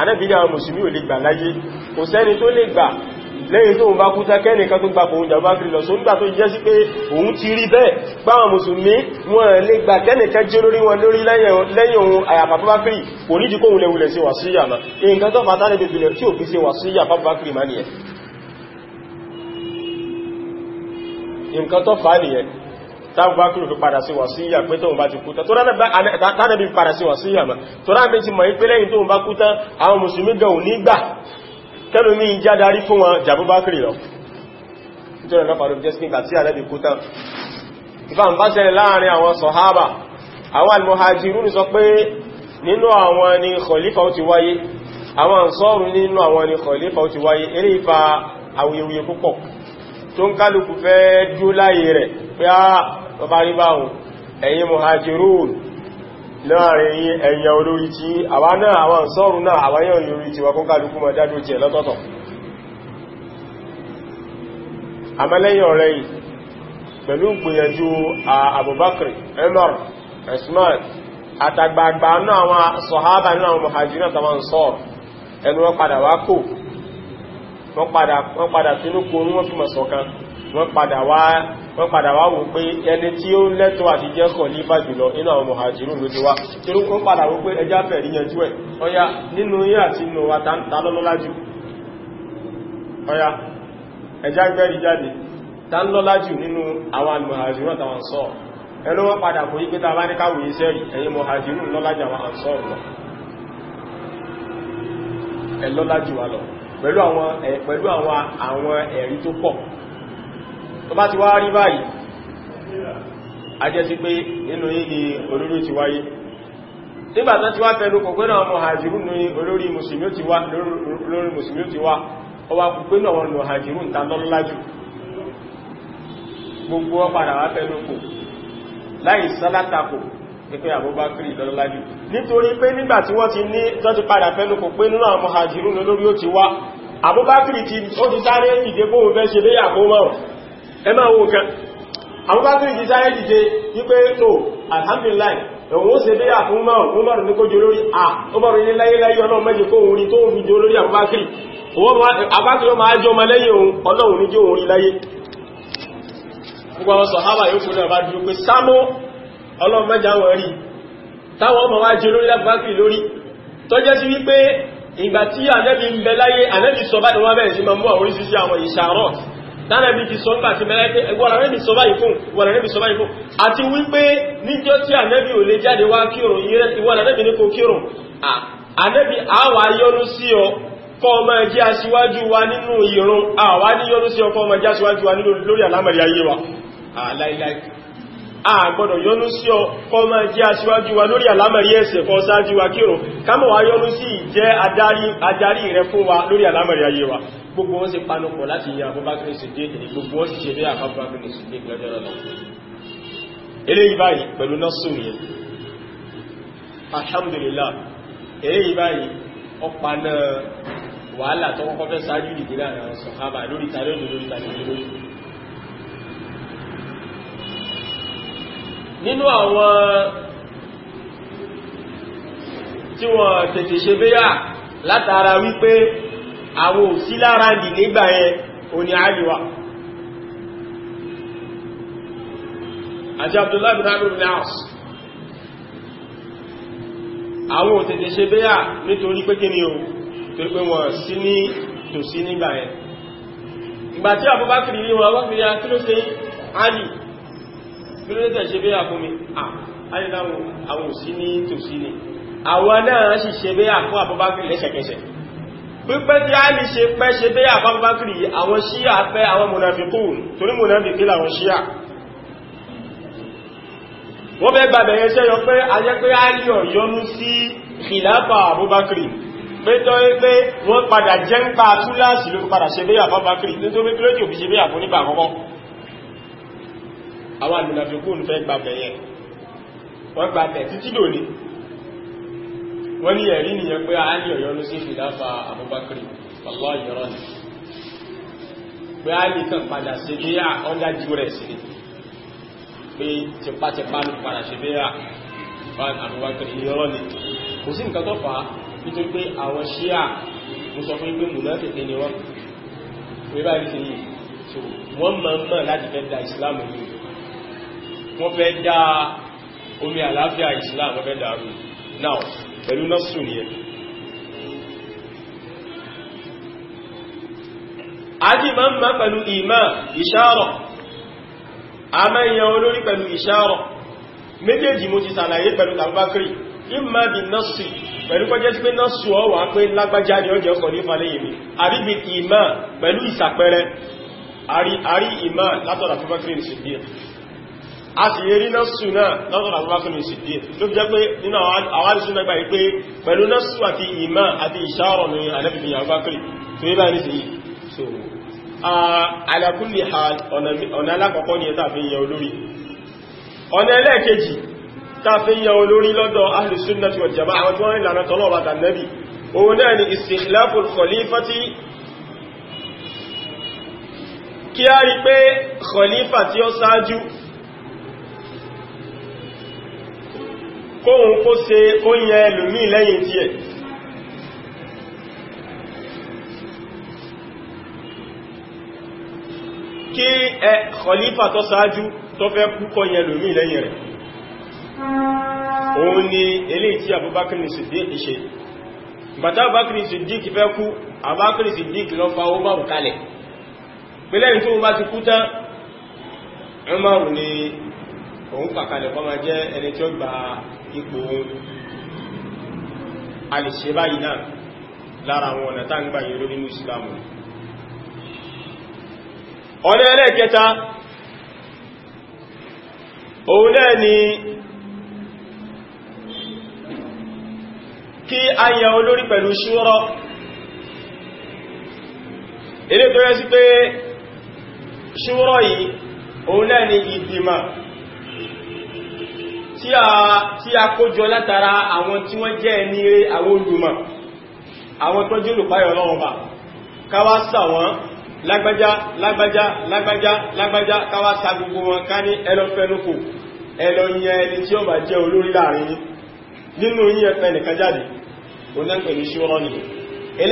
Ànábì ní àwọn mùsùlùmí ò lè gbà láyé kò sẹ́ni tó lè gbà lẹ́yìn tó ń bá kú tẹ́kẹ́ni kan tó gbapò oúnjẹ bá kìrì lọ só ń gbà tó jẹ́ sí pé òun ti rí bẹ́ẹ̀ páwọn mùsùlùmí wọn lè gbà kẹ́nìkan jẹ́ lórí wọn lórí lẹ́yìn ohun àyàfà bá kìrì kò ní táwọn bá kúrò fi padà sí wàsíyà pé tóun bá ti kú tán tó ránàbí padà sí wàsíyà mà tó ránàbí ti mọ̀ ipé lẹ́yìn tóun bá kú tán àwọn mùsùlùmí gan ò ní gbà kẹ́lù ní ìjà darí fún wọn jàbú bá kìrì lọ nítorí ọ̀nà pàdé jẹ́ khalifa ó ti wáyé àwọn ansọ́rù khalifa ó ti wáyé eré ìfà awuyewuye púpọ̀ tó ń kálukú fẹ́ dúó láyé rẹ̀ pé tó bá rí báhùn ẹ̀yin muhajirun láàrin yí ẹ̀yà olórí tí àwa náà àwọn sọ́rùn náà àwọn yàn tí wà jẹ lọ́tọ̀tọ̀ àmẹ́lẹ́yìn ọ̀rẹ́ yìí pẹ̀lú gbìyànjú Abubakar Umar Usman àtàgbàgbà náà àwọn sọ̀hábà àwọn wọn wọ́n padà wá wò pé ẹni tí ó lẹ́tọ́ àti jẹ́ kọ̀lífà jùlọ inú àwọn mọ̀hàjírùn ló ti wá tí ó kún padà wó pé ẹjá fẹ̀rí yẹn jú ẹ̀ ọya nínú yín àti inú wa tánlọ́lájú ọya ẹjá gbẹ́rí jáde tánlọ́lájú nínú àwọn mọ̀hàjírùn àtàwọn sọ ẹlú wọ́n padà kò yí pé ta bá ní káwò yí sẹ́rì ẹ̀yin mọ̀hàjírùn lọ́lájú àwọn àǹsọ́ lọ ẹlọ́lájú wa lọ pẹ̀lú àwọn ẹ̀rí tó pọ̀ tó bá ti wá rí báyìí a jẹ́ sí pé nínú yìí ni olórí ti wáyé nígbàtán ti wá fẹ́lú kò pẹ́nà ọmọ hajjirun ní olórí musulmi ó ti wá ó wá kò pẹ́nà ọmọ hajjirun ta lọ́lájú gbogbo ọpàdà wá fẹ́lú kò láì sálátakò pípẹ́ àbúbákìrì lọ́lájú nítorí pé nígbàtí wọ́n ti ní tọ́ ti padà fẹ́lú kò pé nínú ọmọ hajjirun olórí ó ti wá àbúbákìrì ti ó ti sáré ìdébò fẹ́ ṣe léyàgbó mọ́rùn ẹ máa wo nǹkan àwọn bá tún ìdíjáyé dìde wípé tó alhamdulillah ẹ̀wọ̀n ó se bí àfún márùn-ún márùn ní kó jẹ olórí à ó bá rí ní láyéláyé ọlọ́run mẹ́jẹ kó orí tó fi jẹ olórí àbákìrì àbákìrì máa jọ ọmọ lẹ́yìn òun ọlọ́run ní jẹ orí láyé gbogbo àwọn sọ̀hábà yóò fún náà bá dúró pé sámọ́ ọlọ́run mẹ́jẹ àwọn rí táwọn ọmọ wá jẹ olórí àbákìrì lórí tó jẹ́ sí wípé ìgbà tí ànẹ́bí ń bẹ láyé ànẹ́bí sọ bá wọ́n bẹ̀rẹ̀ sí máa mú àwọn àwọn ìṣàrọ̀ dára bí ti sọ ń bà ti mẹ́rẹ́ pé ẹgbọ́ra rẹ́bì sọ báyìí fún ìwọ̀nà rẹ́bì sọ báyìí fún àti wípé níjọ́ tí ànẹ́bì ò lè jáde wá kírun ìwọ̀nà rẹ́bì ní kò kírun ànẹ́bì àwà yọ́nú sí ọ kọ́ ọmọ ẹjẹ́ aṣíwájú wa nínú ìrun àwà ní yọ́nú sí ọ ọmọ ẹjẹ́ aṣíwájú wa nínú lórí àlámọ̀rí ayé wa a gbọ́dọ̀ yọnú sí ọ kọ́ máa jẹ́ aṣíwájú wa lórí àlámẹ̀rí ẹ̀sẹ̀ kọ́ sáájú wa kírun kámọ̀ wá yọnú sí ìjẹ́ adarí rẹ fún wa lórí àlámẹ̀rí ayé wa gbogbo wọn sì panupọ̀ láti yẹ Abubakar Siddiq gbogbo wọn sì ṣe bí Abubakar Siddiq lọ́jọ́ lọ́nà eléyìí báyìí pẹ̀lú nọ́sùn yẹn alhamdulillah eléyìí báyìí ọpa náà wàhálà tó kọ́kọ́ fẹ́ sáájú ìdílé àwọn sọ̀hábà lórí tàbí nínú àwọn tí wọ́n tètè ṣe béyà látara wípé àwọn òsí lára dì nígbà yẹn òní àríwá àti Abdullahi bin Amr bin As àwọn òtètè ṣe béyà nítorí pé kíni o torí pé wọ́n sí ní tòsí nígbà yẹn ìgbà tí Abubakar rí wọn Abubakar rí akílóṣe Ali kílódé ṣe bí àkún mi àìláwò àwọn òsí ní tòsí ni àwọn náà sì ṣe bí àkún àbúbákìrì lẹ́sẹ̀kẹsẹ̀ pípẹ́ tí a lè ṣe pẹ́ ṣe bí àbúbákìrì àwọn ṣíà fẹ́ àwọn mùnàfikún torí mùnàfikí làwọn ṣíà wọ́n fẹ́ gbà bẹ̀rẹ̀ ṣẹ́yọ pé a jẹ́ pé a lè yọnu sí ìlàpà àbúbákìrì pé tọ́ pé wọ́n àwọn àlùnàfikún fẹ́ gbàbẹ̀ yẹn wọ́n gbàbẹ̀ títí lónìí wọ́n ní ẹ̀rí nìyẹn pé àálì ọ̀yọ́nú sí ìdáfà Abubakar pàlọ́ ìyọ́rọ̀ ni pé àálì kan padà sí bí à ọ́dá jú rẹ̀ sí pé tipátipá ló padà sí bí à Abubakar ìyọ́rọ̀ ni kò sí nǹkan tó fà á nítorí pé àwọn ṣíà mo sọ fún pé mùnàfẹ́fẹ́ ni wọ́n pé báyìí sí yìí wọ́n máa ń mọ̀ láti fẹ́ da ìsìláàmù yìí wọ́n fẹ́ dá omi àlàáfíà islam wọ́n fẹ́ dàrú now pẹ̀lú nọ́sùn yẹn àti ma ń ma pẹ̀lú ìmá ìṣàrọ̀ a ma ń yan olórí pẹ̀lú ìṣàrọ̀ méjèèjì mo ti sàlàyé pẹ̀lú tàbákìrì ìmá bí nọ́sù pẹ̀lú kọjẹ́ tí pé nọ́sù ọ wà pé ọjọ́ ọkọ̀ ní àrí ìmá pẹ̀lú ìsàpẹrẹ àrí ìmá tàbákìrì sí bí a sì rí násù náà lọ́dọ̀ àbúrákùn ní ìsìdí ló jẹ́ pé nínú àwárí súnà gbà pé pẹ̀lú násù àti ìmá àti ìṣàrọ̀ ní alẹ́bìbì àbúrákùn tó yí báyìí sí so ala kulli hal ọ̀nà alákọ̀ọ́kọ́ ni ẹta fi yẹ olórí ọ̀nà ẹlẹ́ẹ̀kejì ta fi yẹ olórí lọ́dọ̀ ahlu sunnati wal jama'a àwọn tí wọ́n ìlànà tọ́lọ̀ bàtà nẹ́bì òun náà ni istikhlaful khalifati kí a rí pé khalifa tí ó sáájú kóhun kó ṣe kó yẹ ẹlòmí lẹ́yìn tí ẹ̀ kí ẹ kọlífà tó sáájú tó fẹ́ kú kó yẹ ẹlòmí lẹ́yìn rẹ̀ òun ni elé tí Abubakar Siddiq ṣe bàtà Abubakar Siddiq fẹ́ kú Abubakar Siddiq lọ fa ó márùn kalẹ̀ pẹ̀lẹ́yìn tó bá ti kú tán Umaru ni òun pàkalẹ̀ kó máa jẹ́ ẹni tí ó gba ipò a lè ṣe báyìí náà lára àwọn ọ̀nà tá ń nínú ìsìlámù ọ̀nà ẹlẹ́ẹ̀kẹta òun náà ni kí a yẹ olórí pẹ̀lú ṣúrọ ilé tó yẹ sí pé ṣúrọ yìí òun náà ni ìdìmọ̀ tí a kójọ látara àwọn tí wọ́n jẹ́ ẹni rere àwọn olùmọ̀ àwọn tó jẹ́ olùpáyọ̀ ọlọ́run bá káwá sà wọ́n lágbájá lágbájá lágbájá lágbájá káwá sa gbogbo wọn ká ní ẹlọ́fẹ́nukù ẹlọ́yìn ẹni tí ó bá jẹ́ olórí láàrin nínú yíyẹ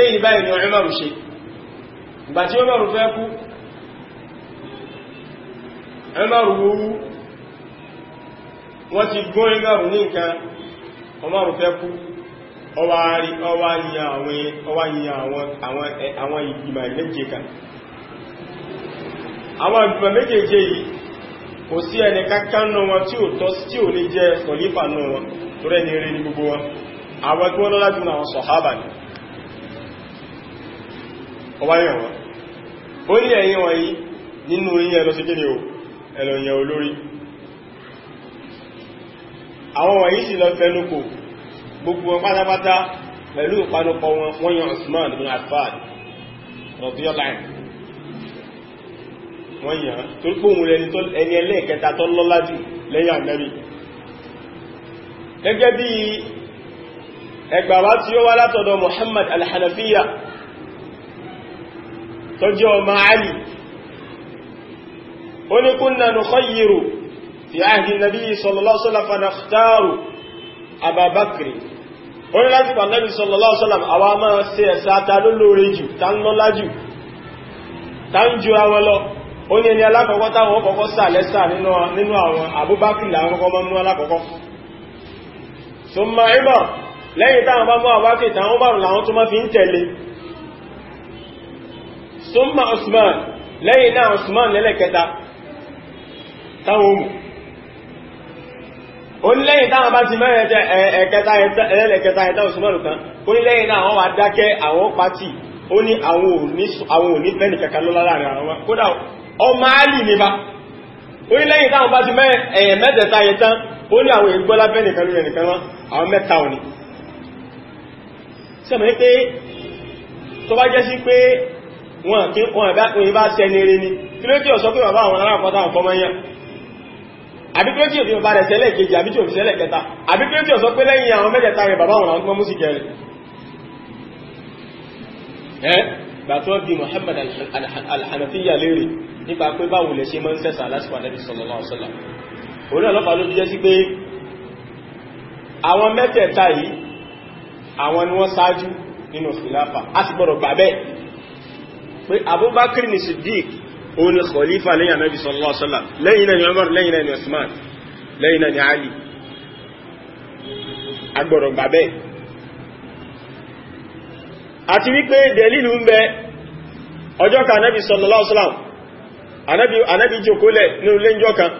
ni ọ̀rẹ́ márùn ṣe ìgbà tí ó márùn fẹ́ wọ́n ti gún ẹgbẹ̀rún ní nǹkan Umaru fẹ́ kú ọwá yìí àwọn ìgbìmọ̀ méje kan àwọn ìgbìmọ̀ méjèèjì yìí kò sí ẹni kákánú wọn tí ò tọ́ tí ò lè jẹ́ kọ̀lífà náà wọn tó rẹ̀ ní eré ní gbogbo wọn àwọn ẹgbẹ́ sọ̀hábà àwọn wọ̀nyí sì lọ fẹnukò gbogbo wọn pátápátá pẹ̀lú ìpanupọ̀ wọn wọ́n yan Usman bin Affan rọ̀bíọ́láìn wọ́n yàn tó pòhùn ẹni ẹlẹ́ẹ̀kẹta tó lọ́lá jù lẹ́yìn Ànábì gẹ́gẹ́ bí ẹgbàwá tí ó wá látọ̀dọ̀ Muhammad al-Hanafiya ní kúnnà nùkọ́ yìí في عهد النبي صلى الله عليه وسلم فنختار أبا بكر قل لك النبي صلى الله عليه وسلم أواما سيساتا للوريجو تنملاجو تنجو أولو ó ní ẹni alákọ̀ọ́kọ́ táwọn ọkọ̀ọ́kọ́ sà lẹ́sà nínú àwọn Abubakar láàkọ́kọ́ mọ́ mú alákọ̀ọ́kọ́ so ma ibọ̀ lẹ́yìn táwọn bá mọ́ Abubakar táwọn bá láwọn tó má fi ń tẹ̀lé so ma Usman lẹ́yìn náà Usman lẹ́lẹ́kẹta táwọn mú ó ní lẹ́yìn táwọn bá ti mẹ́rin ẹ̀kẹta ẹ̀lẹ́kẹta ẹ̀ta òsùmọ́nù kan ó ní lẹ́yìn náà wọ́n wá dákẹ́ àwọn pàtì ó ní àwọn òní bẹ́ẹ̀ni kẹta ló láàrin àwọn kódà ọmọ alì ní bá ó ní lẹ́yìn táwọn bá ti mẹ́rin ẹ̀yẹ̀ mẹ́tẹ̀ẹ̀ta ẹ̀tán ó ní àwọn ìgbọ́lá bẹ́ẹ̀ni kan lórí ẹnìkan wọn àwọn mẹ́ta òní sẹ́mọ̀ pé tó ni àbí pé tí òfin bá rẹ̀ sẹ́lẹ̀ kejì àbí tí òfin sẹ́lẹ̀ kẹta àbí pé tí ó sọ pé lẹ́yìn àwọn mẹ́tẹ̀ẹ̀ta rẹ̀ bàbá wọn àwọn mọ́sí kẹrin ẹ́ gbà tó bí Muhammad al-Hanafiya lérè nípa pé báwo lẹ ṣe máa ń sẹ́sà lásìkò Ànábì sallallahu alaihi wasallam òun náà lọ́pàá ló jẹ́ sí pé àwọn mẹ́tẹ̀ẹ̀ta yìí àwọn ni wọ́n ṣáájú nínú khilafa a sì gbọ́dọ̀ gbà bẹ́ẹ̀ pé Abubakar ni Siddiq onu ní khalifa lẹ́yìn anábi sallallahu alaihi wasallam lẹ́yìn náà ni Umar lẹ́yìn náà ni lẹ́yìn Ali agbọ̀rọ̀ gbà àti wípé dẹ̀lìlù ń bẹ ọjọ́ kan sallallahu alaihi wasallam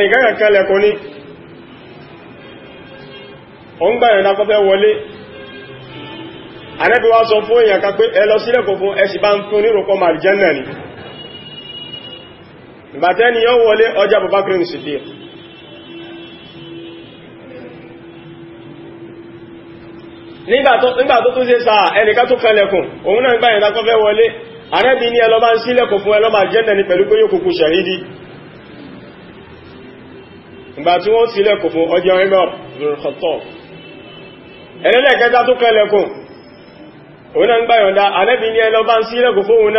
ní kan kankan kalẹ̀ ní wọlé wá ìgbàtẹ́ni yóò wọlé ọjà Abubakar Siddiq nígbà tó tún ṣe sáà ẹnìká tó kẹlẹ̀kùn òun náà gbáyẹ̀ lákọ́ fẹ́ wọlé àrẹ́bì ní ẹlọ́bá ń sílẹ̀kùn fún ẹlọ́bà jẹ́nà ní pẹ̀lú pé yóò kùkù ṣàhídì ìgbà tí wọ́n sílẹ̀kùn fún ọjọ́ ẹgbẹ̀rún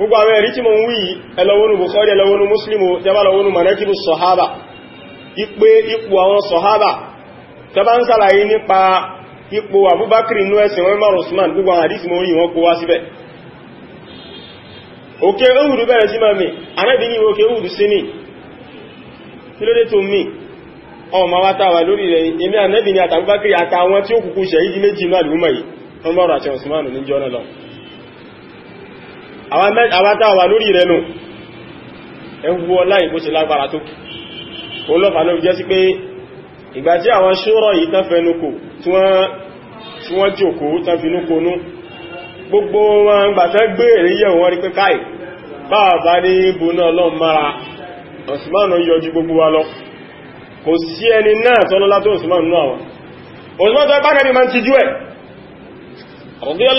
gbogbo àwọn ẹ̀rí tí mo ń wí ẹlọ́wọ́nù Bukhari ẹlọ́wọ́nù Muslim jẹ́bàlọ́wọ́nù manakibu sọ̀hábà ipé ipò àwọn sọ̀hábà tẹbá ń sàlàyé nípa ipò Abubakar inú ẹ̀sìn wọn márùn Usman gbogbo àwọn àdísì mo rí wọn kó wá síbẹ̀ òkè ehùdù bẹ̀rẹ̀ sí mami anábì ní òkè ehùdù sí mi kí ló dé tó mi ọmọ àwọn táwà lórí rẹ̀ nù ẹwú ọlá ìbó ṣe lágbára tó olófà ló jẹ́ sí pé ìgbà tí àwọn ṣúrọ̀ yìí tán fẹnukò tí wọ́n jòkó tán finúkonú gbogbo wọn gbà tán gbé èrè yẹ̀ wọ́n rí pé káì báwà bá ní bùnà ọlọ́run mara Osman náà tọ́lọ́lá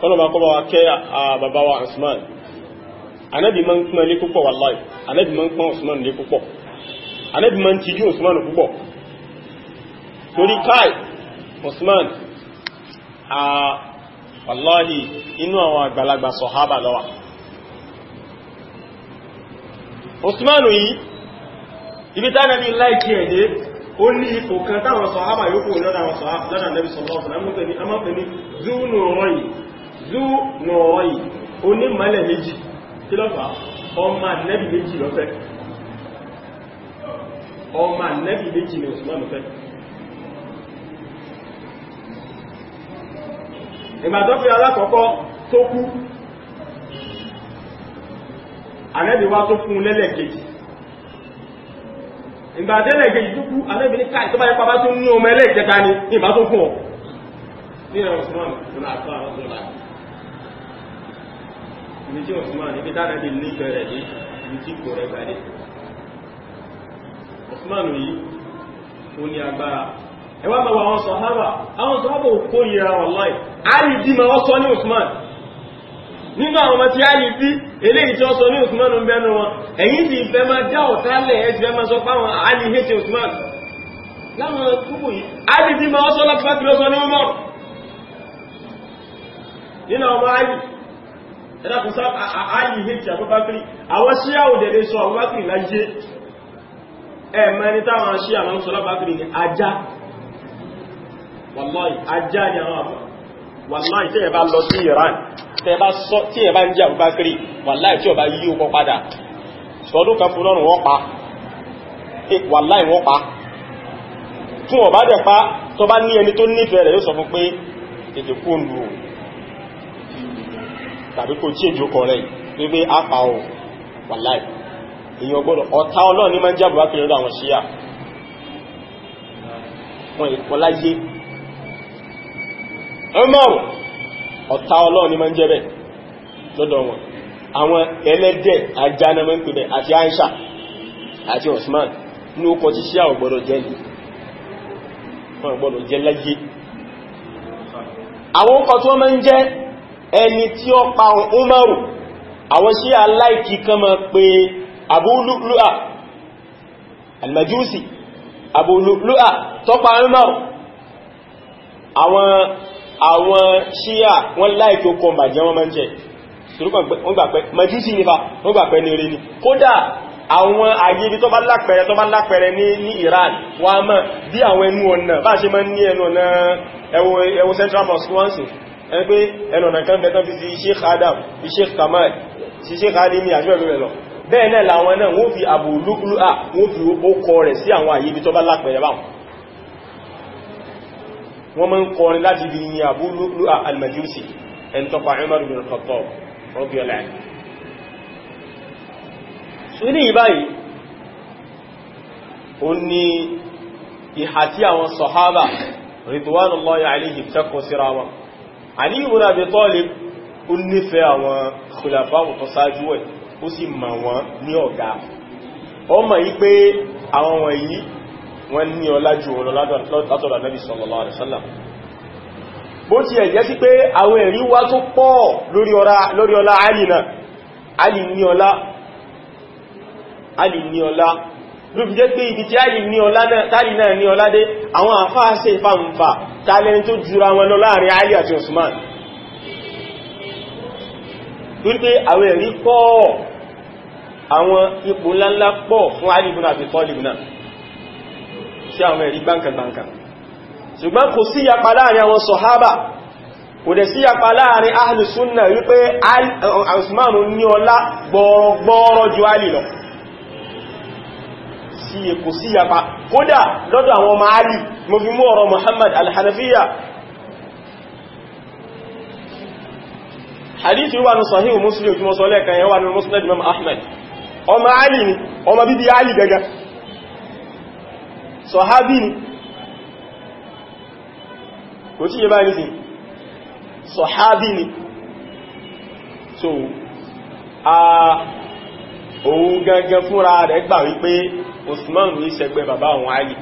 kọlọ̀bà kọlọ̀ wa kẹ́ bàbá wa Usman anábì ma ń pín ilé púpọ̀ wallahi anábì ma ń pín Usman ilé púpọ̀ anábì ma ń tijú Usman púpọ̀ torí káì Usman a wallahi inú àwọn àgbàlagbà sọ̀hábà lọ́wà Usman yìí ibi tánàbí láìkí ẹ̀dẹ́ ó ní ipò kan táwọn sọ̀hábà yóò kò lọ́dà àwọn sọ̀hábà lọ́dà nẹ́bí sọ̀lọ́ọ̀sọ̀ zú nọ̀rọ̀ yìí onímọ̀lẹ̀ méjì kí lọ́fà ọmọ nẹ́bì méjì lọ́fẹ́ ọmọ nẹ́bì méjì ni Usman fẹ́ ìgbàtọ́fẹ́ alákọ̀ọ́kọ́ tó kú anẹ́bì tó fún lẹ́lẹ̀kejì ìgbàtẹ́lẹ̀kejì tó kú anẹ́bì tó ni ìbá tó fún ibi tí Osman ibi di bí nífẹ̀ẹ́ rẹ̀ dé ibi Osman yìí ó ní agbára ẹwà bàbá àwọn sọ̀hábà àwọn sọ̀hábà ò kó ma wọ́n sọ ní Osman nínú àwọn ọmọ tí a yìí bí eléyìí tí ó sọ ní Osman ń bẹnu wọn ẹ̀yìn fẹ́ máa ma sọ láti fẹ́ sọ ní nínú àwọn ẹ̀dá kò sáà ààyè hẹ́tì àbúbákìrì àwọn si òdè sọ àbúbákìrì láyé ẹ̀mọ́ táwọn síyà máa sọ lábákìrì ní ajá wàláì ajá ni àwọn àbọ̀ tí ẹ bá lọ sí Iran tí ẹ bá ń jẹ àbúbákìrì tí ọba yí ọkọ padà sọdún kan fún lọ́rùn wọ́n pa tàbí kò change ó kọ̀rẹ́ wípé apá ò wàláì èyàn gbọ́dọ̀ ọ̀tá ọlọ́run ní máa ń jábọ̀ wákìlì lọ́dọ̀ àwọn ṣíyà wọn ìkọláyé ọmọrùn ọ̀tá ọlọ́run ní máa ń lọ́dọ̀ wọn àwọn ẹlẹ́dẹ̀ Aisha àti Osman ní ó kọ ti ṣíyà ò gbọ́dọ̀ jẹ́ lè wọn àwọn ọkọ̀ tí wọ́n máa ń jẹ́ ẹni tí ó pa umaru àwọn sí aláìkí kan ma pé abúlúlúà almajusi abúlúlúà tó pa umaru àwọn àwọn síyà wọ́n láìkí okò màjẹ́ wọ́n mọ́n jẹ́ wọ́n majusi nípa wọ́n gbà pé ní eré ni kódà àwọn àyíbi tó bá lápẹẹrẹ tó bá lápẹẹrẹ ní ní Iran wọ́n a mọ́ bí àwọn ẹnu ọ̀nà bá ṣe mọ́ ní ẹnu ọ̀nà ẹwọ central mosque wọ́n sì ẹgbẹ́ ẹnọ̀nà kan bẹ̀tán fi sí Sheikh Adam fi Sheikh Kamal sí Sheikh Adimi àjọ́ẹ̀bẹ̀rẹ̀ lọ bẹ́ẹ̀ náà làwọn náà wọ́n fi Abu Lu'lu'a wọ́n fi ó kọ rẹ̀ sí àwọn àyíbi tó bá lápẹ̀rẹ̀ báwọn wọ́n mọ́ Ali ibn Abi Talib ó nífẹ̀ẹ́ àwọn khulafa tó sáájú ẹ̀ ó sì mọ̀ wọ́n ní ọ̀gá ó mọ̀ yí pé àwọn wọ̀nyí wọ́n ní ọlá ju ọlọ látọ̀dọ̀ Nabi sallallahu alaihi wasallam bó ti ẹ̀jẹ́ Ali náà Ali ní ló fi jẹ́ pé ibi tí ààrì náà ní ọládé àwọn àfáà ṣe ìfàǹfà tààlẹ́ni tó jura wọn lọ láàrin ààrì àti Usman wípé àwọn ẹ̀rí pọ̀ àwọn ipò ńláńlá pọ̀ fún ààrì ibùn àti Talib náà sí àwọn ẹ̀rí gbáǹkàgbáǹkà ṣùgbọ́n kò sí yapa láàrin àwọn sí kò sí yapa kódà lọ́dọ̀ àwọn ọmọ alì mo fi mú ọ̀rọ̀ Muhammad al-Hanafiya hadithi wà ní sahihu Muslim ojúmọ́ sọ lẹ́ẹ̀kan yẹn wà ní Musnad Imam Ahmad ọmọ alì ni ọmọ bíbí alì gẹ́gẹ́ so òun gangan fúnra rẹ̀ gbà wípé Usman ní sẹgbẹ́ bàbá òun Ali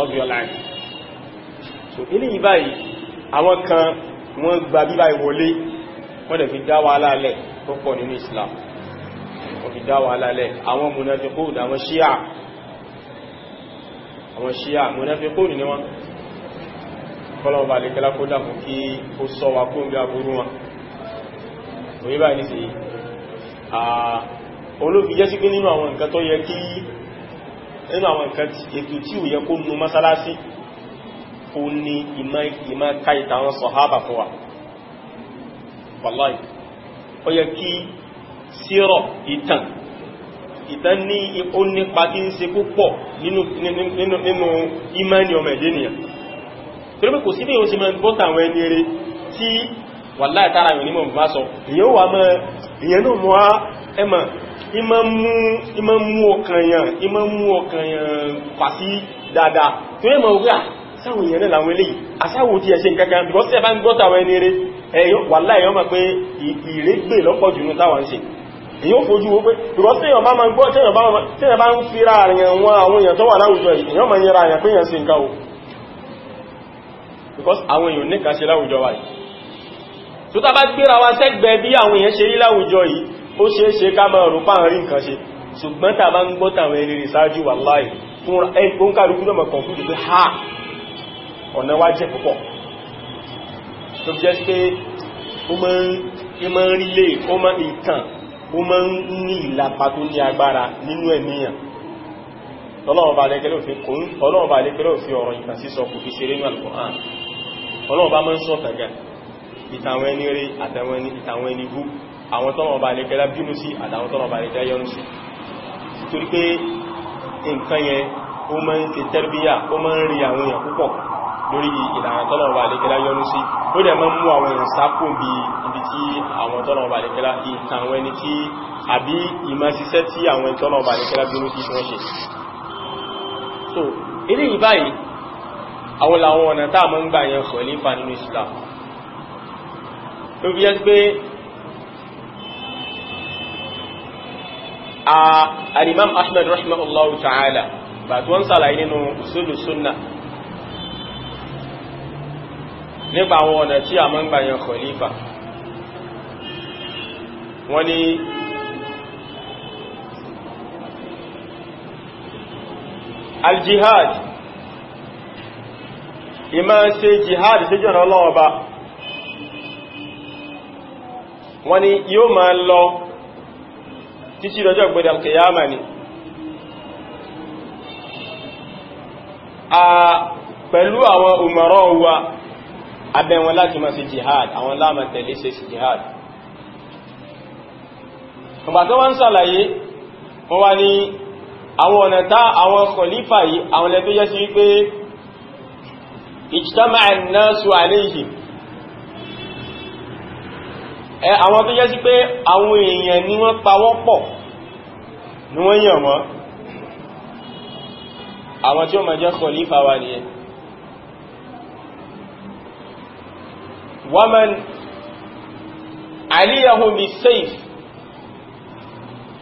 ọbíọ̀láì so ilé ìbáyìí àwọn kan wọ́n gba bíbá ìwọlé wọ́n dẹ̀ fi dá wàhálà lẹ̀ tó pọ̀ nínú Islam wọ́n fi dá wàhálà lẹ̀ àwọn munafiqun àwọn ṣíà àwọn ṣíà munafiqun ni wọ́n kọ́lọ̀ olóbi jẹ́ sí pé nínú àwọn nǹkan tó yẹ kí nínú àwọn nǹkan ètò tí ò yẹ kó nú mọ́sálásí ó ní ìmọ̀ ká ìtàwọn sọ̀hábà fún wa wàláì ó yẹ kí sírọ̀ ìtàn ìtàn ní ó nípa tí ń ṣe púpọ̀ nínú ọmọ ẹ̀dẹ́ kò sí bí o ṣe mọ́ bọ́ta àwọn ẹni eré tí wàláì tára bá sọ ìyẹn náà mọ́ ẹmọ̀ ìmọ̀ mú ọkànyàn ìmọ̀ mú ọkànyàn pàtí dáadáa tó yẹ mọ̀ wípé àsáwò èèyàn náà làwọn eléyìí àsáwò tí ẹ̀ṣẹ́ kankan bí wọ́n tẹ́ bá ń gbọ́ta àwọn ẹni eré wà láìyàn mọ̀ pé ìrégbè lọ́pọ̀ jù o ọ tó tàbá gbéra wa sẹ́gbẹ̀ẹ́ bí àwọn èèyàn ṣe rí láwùjọ yìí ó ṣeéṣe ká máa rò páà rí nǹkan ṣe ṣùgbọ́n tà bá ń gbọ́ tàwọn eré ìsáájú wà láì fún ẹgbọ́n ha ọ̀nà wá jẹ́ púpọ̀ tó jẹ́ pé ó máa ń rílé ó máa ń ìtàn ó máa ń ní ìlàpá tó ní agbára nínú ẹ̀míyàn ọlọ́run bá lẹ́gbẹ̀rẹ́ òfin ọ̀rọ̀ ìtàn sísọ kò fi ṣeré àwọn tọ́nà ọba àlẹ́kẹ́lá bínú sí àtàwọn tọ́nà ọba àlẹ́kẹ́lá yọ́nú sí torí pé nǹkan yẹn ó máa ń ṣe tẹ́rbíyà ó máa ń rí àwọn èèyàn púpọ̀ lórí ìlànà tọ́nà ọba àlẹ́kẹ́lá yọ́nú sí ó dẹ̀ máa ń mú àwọn èèyàn sápò bí ibi tí àwọn tọ́nà ọba àlẹ́kẹ́lá ìtàn so eléyìí báyìí a máa ń gbà yẹn kọ̀ nípa nínú Islam tó fi alimam ahmed rahimahullahu ta'ala bá tí wọ́n sàlàyé nínú usulu sunna nípa àwọn ọ̀nà tí a mọ́ ń gbà yan khalifa wọ́n ni aljihad ìmá ṣe jihad sí jọ̀nà ọlọ́ọ̀ba wọ́n ni yóò máa lọ títí lọ́jọ́ gbẹ̀dẹ̀ alkiyama ni a pẹ̀lú àwọn umarọ́ wa abẹ́wọn láti máa ṣe jihad àwọn láàmà tẹ̀lé ṣe sí jihad ọ̀bàtọ́ wọ́n sàlàyé wọ́n wá ní àwọn ọ̀nà tá àwọn kọlífà yìí àwọn lẹ́tọ́ yẹ́ sí wípé ijtama'a an-nasu alayhi ẹ àwọn tó jẹ́ sí pé àwọn èèyàn ni wọ́n pawọ́pọ̀ ni wọ́n yàn wọ́n àwọn tí ó máa jẹ́ khalifa wa nìyẹn waman aliyahum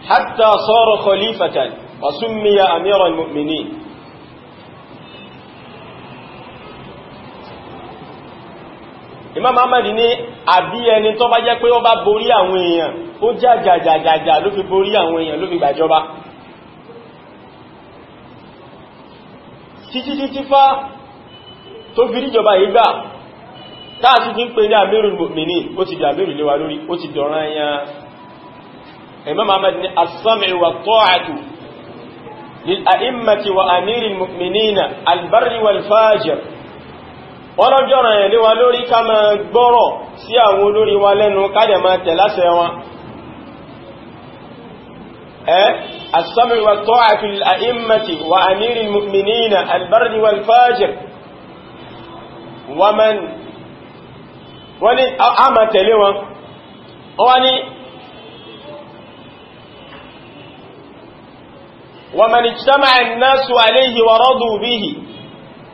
hatta sara khalifatan wa summiya amiral mu'minin Imam Ahmad ní àbí ẹni tó bá jẹ́ pé ó bá borí àwọn èèyàn ó jàjàjàjàjà ló fi borí àwọn èèyàn ló fi gbàjọba títí títí fá tó fi ríjọba yìí gbà táàtí tí ń pè ní Amirul Mu'minin ó ti di àmìrù léwa lórí ó ti dọ̀rọ̀ ẹyàn ọlọ́jọ́rọ̀ ẹ̀ lé wa lórí ká ma gbọ́rọ̀ sí àwọn olórí wa lẹ́nu káàdẹ̀ ma tẹ̀ láṣẹ wọn ẹ́ as-sam'u wa ta'a fil a'immati wa amiri al-mu'minina wa man wọ́n ma tẹ̀lé wọn wọ́n ni wa man ijtama'a an-nasu alayhi wa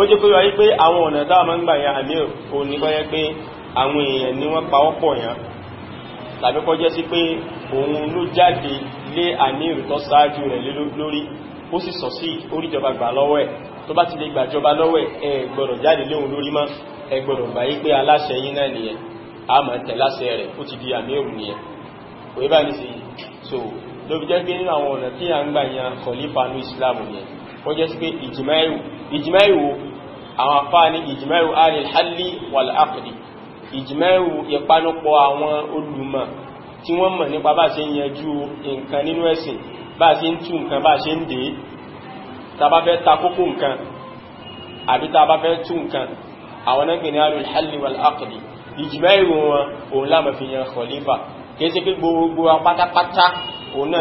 ó jẹ́ pé wáyé pé àwọn ọ̀nà tá a máa ń gbà yan àmì ò ní bá yẹ pé àwọn èèyàn ni wọ́n pa ọ́pọ̀ yàn tàbí kọ́ jẹ́ sí pé òun ló jáde lé àmì ìrìtọ́ sáájú rẹ̀ lórí ó sì sọ sí oríjọba gbà lọ́wọ́ ẹ̀ tó bá ti lè gbàjọba lọ́wọ́ ẹ̀ ẹ gbọ́dọ̀ jáde lé òun lórí mọ́ ẹ gbọ́dọ̀ gbà yí pé aláṣẹ yín náà nìyẹn a máa tẹ̀ láṣẹ rẹ̀ ó ti di àmì ìrù nìyẹn kò yẹ bá ní sí so ló fi jẹ́ pé nínú àwọn ọ̀nà tí à ń gbà yan kọ̀lífà ní Islam nìyẹn ó jẹ́ sí pé ìjìmáìwò àwọn afá ní ìjìmáìwò àrí halli wal aqdi ìjìmáìwò ìpanupọ̀ àwọn olùmọ̀ tí wọ́n mọ̀ nípa bá ṣe ń yanjú nǹkan nínú ẹ̀sìn bá ṣe ń tú nǹkan bá ṣe ń dé tàbá fẹ́ takókò nǹkan àbí tàbá fẹ́ tú nǹkan àwọn náà ní àrí halli wal aqdi ìjìmáìwò wọn òun láàmà fi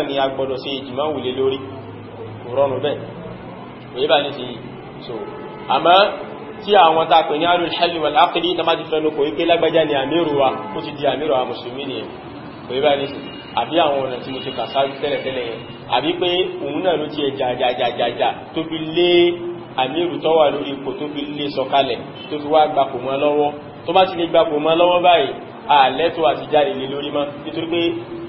ni a gbọdọ̀ ṣe ìjìmáwò lé lórí rọrùn bẹ́ẹ̀ òye bá ní sí so àmọ́ tí àwọn tá a pè ní alul halli wal aqdi tó má ti fẹ́ lóko wípé lágbájá ni àmírù wa ó ti di àmírù àwọn mùsùlùmí nìyẹn òye bá ní sí àbí àwọn ọ̀nà tí mo ti kà sáré tẹ́lẹ̀tẹ́lẹ̀ yẹn àbí pé òun náà ló ti ẹ̀ jàjàjàjà tó fi lé àmírù tó wà lórí ipò tó fi lé sọ̀kalẹ̀ tó fi wá gbapò mọ́ lọ́wọ́ tó bá ti lè gbapò mọ́ lọ́wọ́ báyìí àlẹ́tọ̀ àti jáde lè lórí mọ́ nítorí pé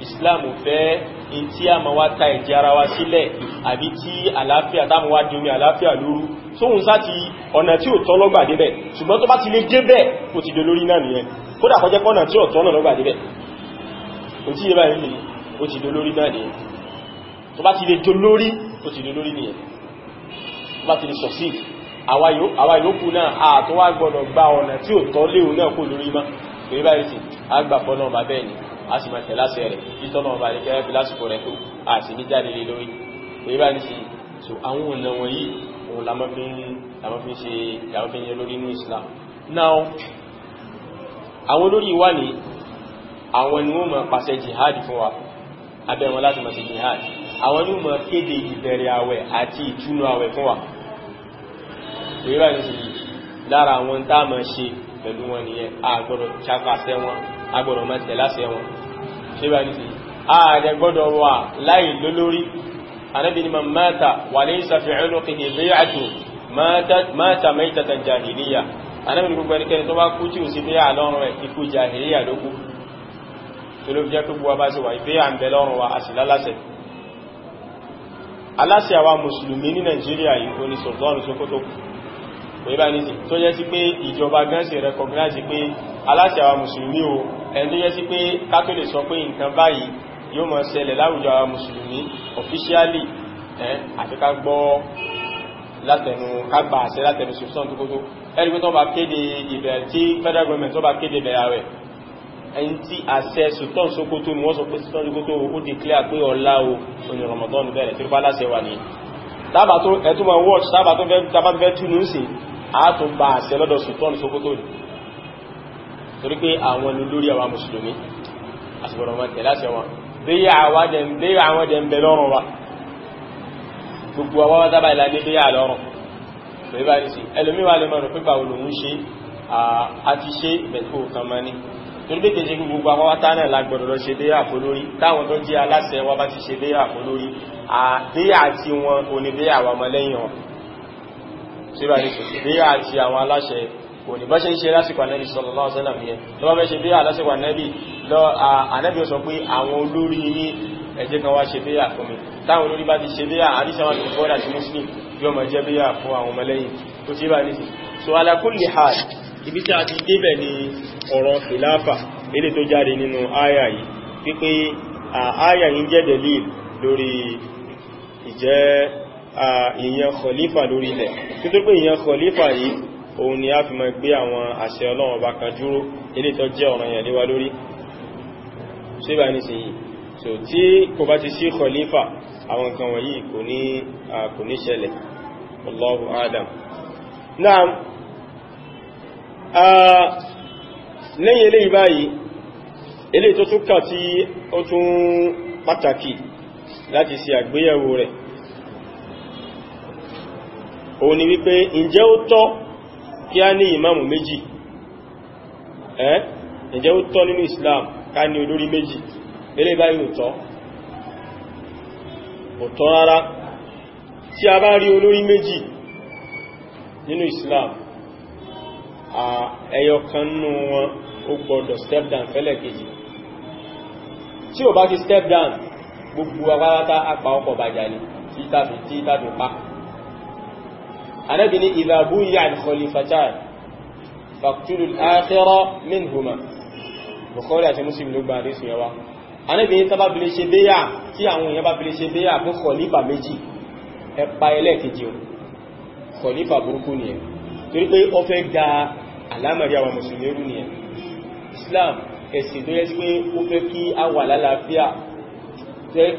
Islam fẹ́ in tí a ma wá ta ẹ̀jẹ̀ ara wa sílẹ̀ àbí tí àlàáfíà táàmù wá dìomi àlàáfíà lóru sóhun sáti ọ̀nà tí ò tọ́lọ́gbà débẹ̀ ṣùgbọ́n tó bá ti lè débẹ̀ kò ti dé lórí náà nìyẹn kódà kọjẹ́ pọ́nà tí ò tọ́lọ́gbà débẹ̀ kò tí yẹ báyìí nìyẹn ti dé lórí náà nìyẹn pé báyìí sì àgbà fọ́ náà bàbẹ́ ni a sì máa tẹ̀ láṣẹ rẹ̀ títọ́nà ọba ní kẹ́rẹ́ fi lásìkò rẹ̀ tó a sì ní jáde lé lórí pé báyìí sì so àwọn ọ̀nà wọ̀nyí òun la máa fi ń ṣe làwọn fi ń yẹ lórí inú Islam now àwọn olórí wa ni àwọn ni wọ́n máa pàṣẹ jihad fún wa abẹ́ wọn láti máa ṣe jihad àwọn ni wọ́n máa kéde ìbẹ̀rẹ̀ àwẹ̀ àti ìtúnu àwẹ̀ fún wa pé báyìí sì lára àwọn tá a máa ṣe pẹ̀lú wọn nìyẹn a gbọ́dọ̀ ṣàpàṣẹ wọn a gbọ́dọ̀ máa tẹ̀ láṣẹ wọn ṣé bá nìyí ààrẹ gbọ́dọ̀ wà láì lólórí anábì ni man mata wa laysa fi unuqihi bay'atu mata maytatan jahiliya anábì ni gbogbo ẹnikẹ́ni tó bá kú tí ò sí bí àlọ́run rẹ̀ ikú jahiliya ló kú tó ló fi jẹ́ gbogbo wa bá ṣe wà ìfẹ́ à ń bẹ lọ́rùn wa àṣìlá pé bá ní sí tó jẹ́ sí pé ìjọba gan ṣe recognize pé aláṣẹ àwọn mùsùlùmí o ẹni tó jẹ́ sí pé ká tó lè sọ pé nǹkan báyìí yóò máa ṣẹlẹ̀ láwùjọ àwọn mùsùlùmí officially ẹ́ àti ká gbọ́ látẹnu ká gba àṣẹ látẹnu sùsàn tó kótó ẹni pé tó bá kéde ìbẹ̀rẹ̀ tí federal government tó bá kéde ìbẹ̀rẹ̀ rẹ̀ ẹni tí àṣẹ sùtọ́n sókótó ni wọ́n sọ pé sùtọ́n sókótó ó declare pé ọ̀la o òní Ramadan bẹ̀rẹ̀ tí ó bá láṣẹ wà ní tábà tó ẹ̀tún máa watch tábà tó fẹ́ túnú sí àátún gba àṣẹ lọ́dọ̀ sultan Sokoto ni torí pé àwọn ni lórí àwọn mùsùlùmí àṣìbọ̀rọ̀ wọn tẹ̀lé àṣẹ wọn déyà àwọn dẹ̀mbẹ̀ lọ́rùn wa gbogbo àwọn wọ́n dábàá ìlànà déyà lọ́rùn pẹ̀lú bá ní sí ẹlòmíwà lè mọ̀rún pípa olóhun ṣe àti ṣe ìbẹ̀kú kan mọ́ ní torí pé kèje gbogbo àwọn wátá náà lágbọ̀dọ̀ lọ ṣe déyà àpò lórí táwọn síbà ní bíyà àti àwọn aláṣẹ òní bá ṣe ń ṣe lásìkò ànẹ́bí sallallahu alaihi wasallam yẹn lọ́wọ́ bẹ́ ṣe bíyà lásìkò ànẹ́bí lọ ànẹ́bí sọ pé àwọn olórí yín ẹ jẹ́ kan wá ṣe bíyà fún mi táwọn olórí bá ti ṣe bíyà àdíṣàwọn ìfọ́dà muslim yóò mọ̀ jẹ́ bíyà fún àwọn tó ti bá ní so ala kulli hal ibi tí a ti débẹ̀ ni ọ̀rọ̀ khilafa ilé tó jáde nínú àyà yìí ìyẹn khalifa lórí ilẹ̀ nítorí pé ìyẹn khalifa yìí òun ni a fi máa gbé àwọn àṣẹ ọlọ́run bá kan dúró ilé tó jẹ́ ọ̀ràn yẹn léwa lórí ṣé bá ní sèyí so tí kò bá ti sí khalifa àwọn nǹkan wọ̀nyí kò ní ṣẹlẹ̀ láti ṣe àgbéyẹ̀wò rẹ̀ òun ni wípé ǹjẹ́ ó tọ́ kí a ní ìmáàmù méjì ẹ́ ǹjẹ́ ó tọ́ nínú Islam ká ní olórí méjì eré báyìí ò tọ́ ò tọ́ rárá tí a bá rí olórí méjì nínú Islam a kan nínú wọn ó gbọdọ̀ step down fẹ́lẹ̀ kejì tí ò bá ti step down gbogbo apáráta apá ọkọ̀ bàjá ní títàbí títàbí pápá anábì ní ìdàbú yà al-khalifatain faqtulu al-akhira minhuma bukhari àti muslim ló gba àdéṣù yẹn wa anábì ní sábà fi lè ṣe béyà tí àwọn èèyàn bá fi lè ṣe béyà fún khalifa méjì ẹ pa ẹlẹ́ẹ̀kejì o khalifa burúkú nìyẹn torí pé ó fẹ́ ga àlámọ̀rí àwọn mùsùlùmí rú nìyẹn islam ẹ̀sìn tó yẹ sí pé ó fẹ́ kí a wà lálàáfíà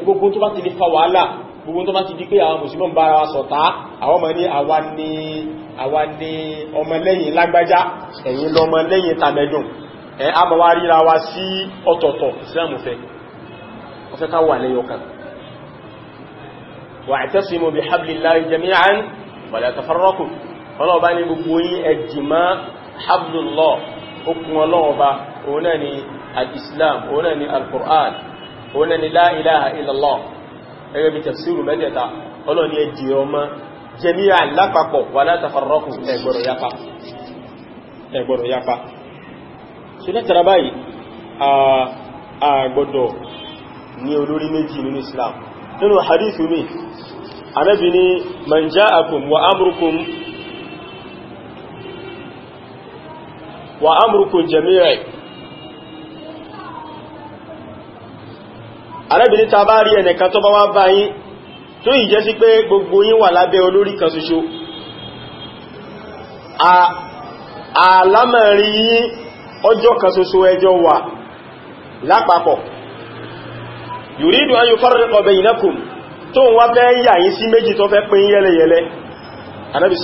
gbogbo tó bá ti lè fa wàhálà gbogbo tó bá ti di pé àwọn mùsùlùmí bára wa ṣọ̀tá àwọn ọmọ ní àwa ní àwa ní ọmọlẹ́yìn lágbájá ẹ̀yin lọmọlẹ́yìn tàmẹ́dùn ẹ̀ a máa wá ríra wa sí ọ̀tọ̀ọ̀tọ̀ Islam fẹ́ ọfẹ́ ká wà lẹ́yọ kan wa'tasimu bihablillahi jami'an wala tafarraqu ọlọ́ọ̀bá ní gbogbo yín ẹ̀jìmá hablullah okùn ni al-Islam ni la ilaha illallah ẹgbẹ́ bí tafsiru mẹ́tẹ̀ta ọlọ́ni ẹjì ọmọ jẹmíà lápapọ̀ wà látàfàrọ́kù ẹgbọ̀rọ̀ yapa ṣe lẹ́tara báyìí a gbọ́dọ̀ ní olórí méjì nínú Islam nínú hadithu mi anábi ni man ja'akum wa amrukum wa arábìnrin ta bá rí ẹnìkan tó bá wá bá yín tó ìjẹ́ sí pé gbogbo yín wà lábẹ́ olórí kan ṣoṣo àlámẹ̀rí yín ọjọ́ kan ṣoṣo ẹjọ́ wà lápapọ̀ yuridu an yufarriqa bainakum tó ń wá fẹ́ yà yín sí méjì tó fẹ́ pín yẹ́lẹ̀yẹ́lẹ́ anábi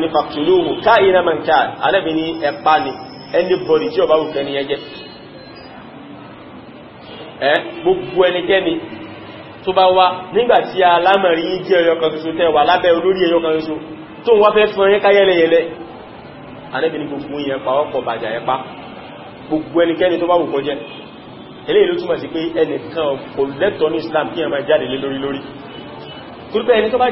ní faqtuluhu káà ìrẹ́mẹ̀ká anábi ẹ̀pá ni anybody tí ó bá wù ẹjẹ́ ẹ́ gbogbo ẹnikẹ́ni tó bá wá nígbàtí alámọ̀rí yí jẹ́ ẹyọkan ṣoṣo tẹ́ wà lábẹ́ olórí ẹyọkan ṣoṣo tó wá fẹ́ fún ẹyẹ káyẹlẹyẹlẹ anẹ́bìnrin gbogbo yẹn pa ọkọ̀ bàjà ẹ pa gbogbo ẹnikẹ́ni tó bá wù kọjẹ́ eléyìí ló túmọ̀ sí pé ẹnìkan kò lẹ́tọ̀ọ́ ní Islam kí ẹ máa jáde lé lórí lórí torípé ẹni tó bá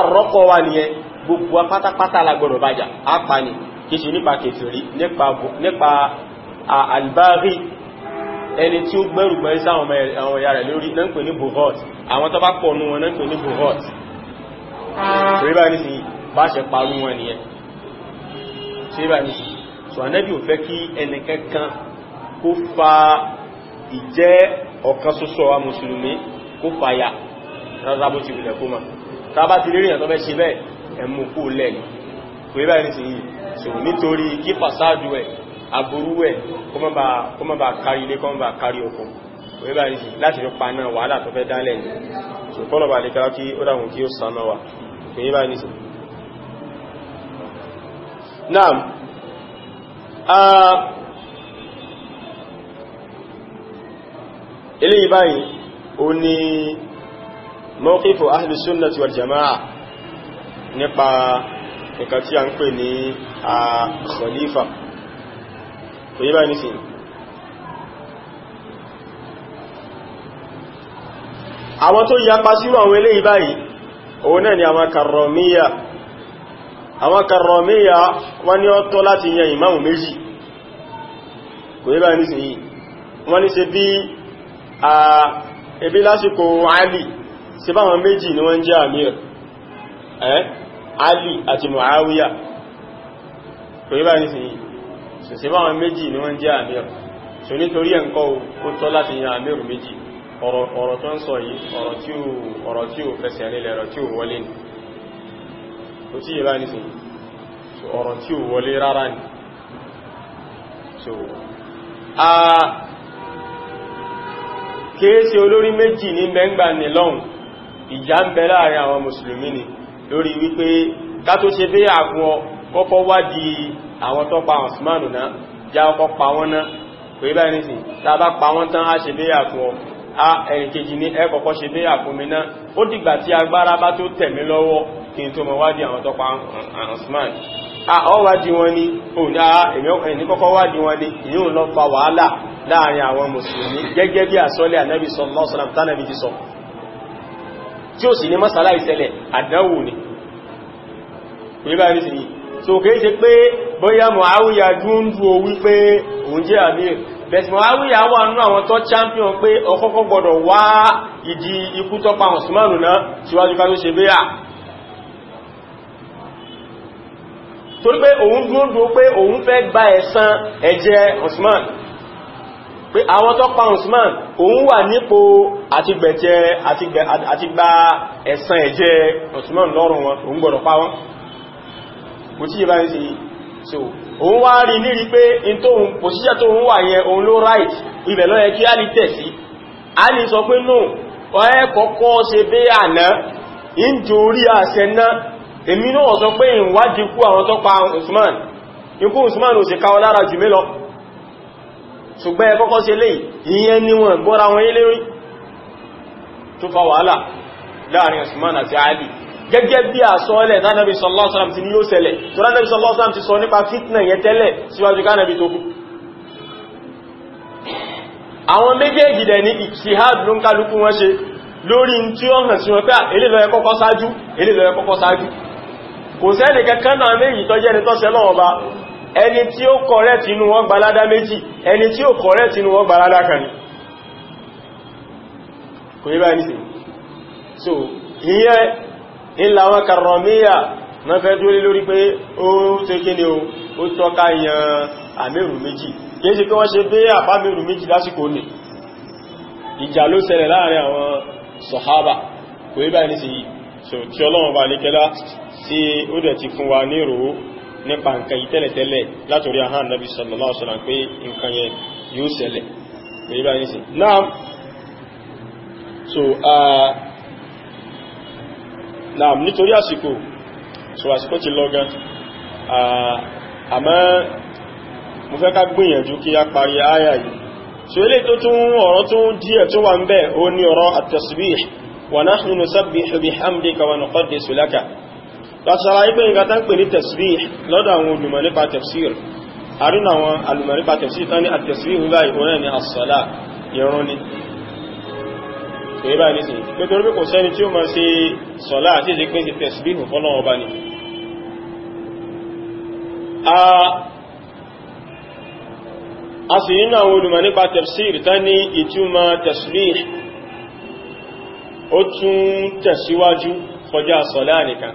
jáde gbogbo apátápátá la gbọ́dọ̀ bàjà á ni kìí ṣe nípa kèfèrí nípa albari ẹni tí ó gbẹ́rùgbẹ́ sáwọn àwọn ìyá rẹ̀ lórí náà ń pè ní bohot àwọn tó bá pọ̀ nú wọn náà ń pè ní bohot ríbá ní sí bá ṣe parú wọn nìyẹn ríbá ní sí so anẹ́bí ò fẹ́ kí ẹnìkankan kó fa ìjẹ́ ọ̀kan ṣoṣo wa mùsùlùmí ìyàn tó fẹ́ ṣe bẹ́ẹ̀ ẹ̀mú kó lẹ́ni ríbá ní sí yìí so nítorí kí fasádù ẹ̀ aburú ẹ̀ kó má bá kárí ilé kó má bá kárí oko wíbá ní sí láti rí pa náà wàhálà tó fẹ́ dálẹ̀ ní so kọ́lọ̀bà lè kára kí ó dáhùn kí ó sànà wà wíbá ní sí naam ilé ìbáyìí ó ní mọ́kífò ahlus sunnati wal jama'a nípa nǹkan tí a ń pè ní a khalifa kò yí bá ní sí àwọn tó yapa sírò àwọn eléyìí báyìí òun náà ni àwọn karromiya àwọn karromiya wọ́n ní ó tọ́ láti yan ìmáàmù méjì kò yí bá ní sí wọ́n ní ṣe bí a ebi lásìkò Ali ṣe báwọn méjì ni wọ́n jẹ́ àmì ẹ̀ Ali àti Muawiya kò yí bá ní sí yìí so sí báwọn méjì ni wọ́n jẹ́ àmìr so nítorí ẹ̀ ń kọ́ ó tọ́ láti yan àmìr méjì ọ̀rọ̀ tó ń sọ yìí ọ̀rọ̀ tí ó fẹsẹ̀ nílẹ̀ ọ̀rọ̀ sí yìí ni so a kéèsì olórí méjì ní mẹ́ngbà nílọ́un ìjà ń bẹ láàrin àwọn mùsùlùmí ni lórí wípé ká tó ṣe bẹ́yà fún ọ kọ́kọ́ wádìí àwọn tó pa Usmanu náà já ọkọ́ pa wọ́n náà pé báyìí nìsìn tá a bá pa wọ́n tán á ṣe bẹ́yà fún ọ a ẹnìkejì ní ẹ kọ́kọ́ ṣe bẹ́yà fún mi náà ó dìgbà tí agbára bá tó tẹ̀ lọ́wọ́ kí n tó mọ wádìí àwọn tó pa Usman ọwádìí wọn ni òun ní kọ́kọ́ wádìí wọn ni ìyóò lọ fa wàhálà láàrin àwọn mùsùlùmí gẹ́gẹ́ bí àsọ́lẹ̀ ànábì sallallahu alaihi tí ó sì ní masala ìṣẹ̀lẹ̀ àdáwò ni pẹ̀lú àrí sí yìí so kìí ṣe pé bóyá Muawiya dúndú o wípé òun jẹ́ àmìr bẹ̀sì Muawiya wà nínú àwọn tó champion pé ọkọ́kọ́ gbọdọ̀ wá ìdí ikú tó pa Usmanu náà síwájú ká tó ṣe bẹ́yà torí pé òun dúndú pé òun fẹ́ pé àwọn tó pa Usman òun wà nípò àtigbẹ̀jẹ àtigbà ẹ̀san ẹ̀jẹ̀ Usman lọ́rùn wọn òun gbọ́dọ̀ pa wọn kò tí yẹ bá ń ṣe so òun wá rí nírí pé in tó òun pòsíṣẹ́ tó òun wà yẹn òun ló right ibẹ̀ ló yẹ kí á ní tẹ̀sí a ní sọ pé no ọ̀ẹ́ kọ́kọ́ ṣe bí àná ìjòrí àṣẹ náà èmi náà sọ pé ìwádìí kú àwọn tó pa Usman ikú Usman ò sì ká lára jù mí lọ ṣùgbọ́n ẹ kọ́kọ́ ṣe léyìí ìyẹn ni wọ́n gbọ́ra wọn yílé rí tó fa wàhálà láàrin Usman àti Ali gẹ́gẹ́ bí àsọọ́lẹ̀ tánàbí sallallahu alaihi wasallam ti ní ó ṣẹlẹ̀ tó ránàbí sallallahu alaihi wasallam ti sọ nípa fitna yẹn tẹ́lẹ̀ síwájú kánàbí tó kú àwọn méjèèjì dẹ̀ ní ìṣìhàd ló ń kálukú wọn ṣe lórí tí ó hàn sí wọn ẹni tí ó kọ̀rẹ́tì inú wọn gbalada méjì ẹni tí ó kọ̀rẹ́tì inú wọn gbalada kan ní kò yí báyìí sí so ìyẹ́ ìlàwọn karọ̀míyà na fẹ́ dúró lórí pé ó tẹ́ kí ni ó tọ́ka yan àmẹ́rù méjì kéèsì kí wọ́n ṣe pé àbámẹ́rù méjì lásìkò ní ìjà ló ṣẹlẹ̀ láàrin àwọn sọ̀hábà kò yí báyìí sí so tí ọlọ́run bá ní kẹ́lá tí ó dẹ̀ ti fún wa ní ìròó nípa nǹkan yìí tẹ́lẹ̀tẹ́lẹ̀ látòrí ahán nabi sallallahu alaihi wasallam pé nǹkan yẹn yóò ṣẹlẹ̀ pé ibá ní sí náà so náà nítorí àsìkò so àsìkò ti lọ gan àmọ́ mo fẹ́ ká gbìyànjú kí a parí áyà yìí so ilé tó tún ọ̀rọ̀ tó díẹ̀ tó wà ń bẹ ó ní ọ̀rọ̀ at-tasbih wa nahnu nusabbihu bihamdika wa nuqaddisu laka látara ipé nǹkan tán pè ní tasbih lọ́dọ̀ àwọn olùmọ̀ nípa tafsir àrínà àwọn alùmọ̀ nípa tafsir tán ní at-tasbih húgbà ìwọ̀nà ní as-sala ìrun ni ìbá ní sí nítorí pé kò sẹ́ni tí ó máa ṣe sọ̀lá àti ìṣe pé sí a sì nínú àwọn olùmọ̀ nípa tafsir tán ní ìtumọ̀ tasbih ó tún tẹ̀síwájú kọjá sọ̀lá nìkan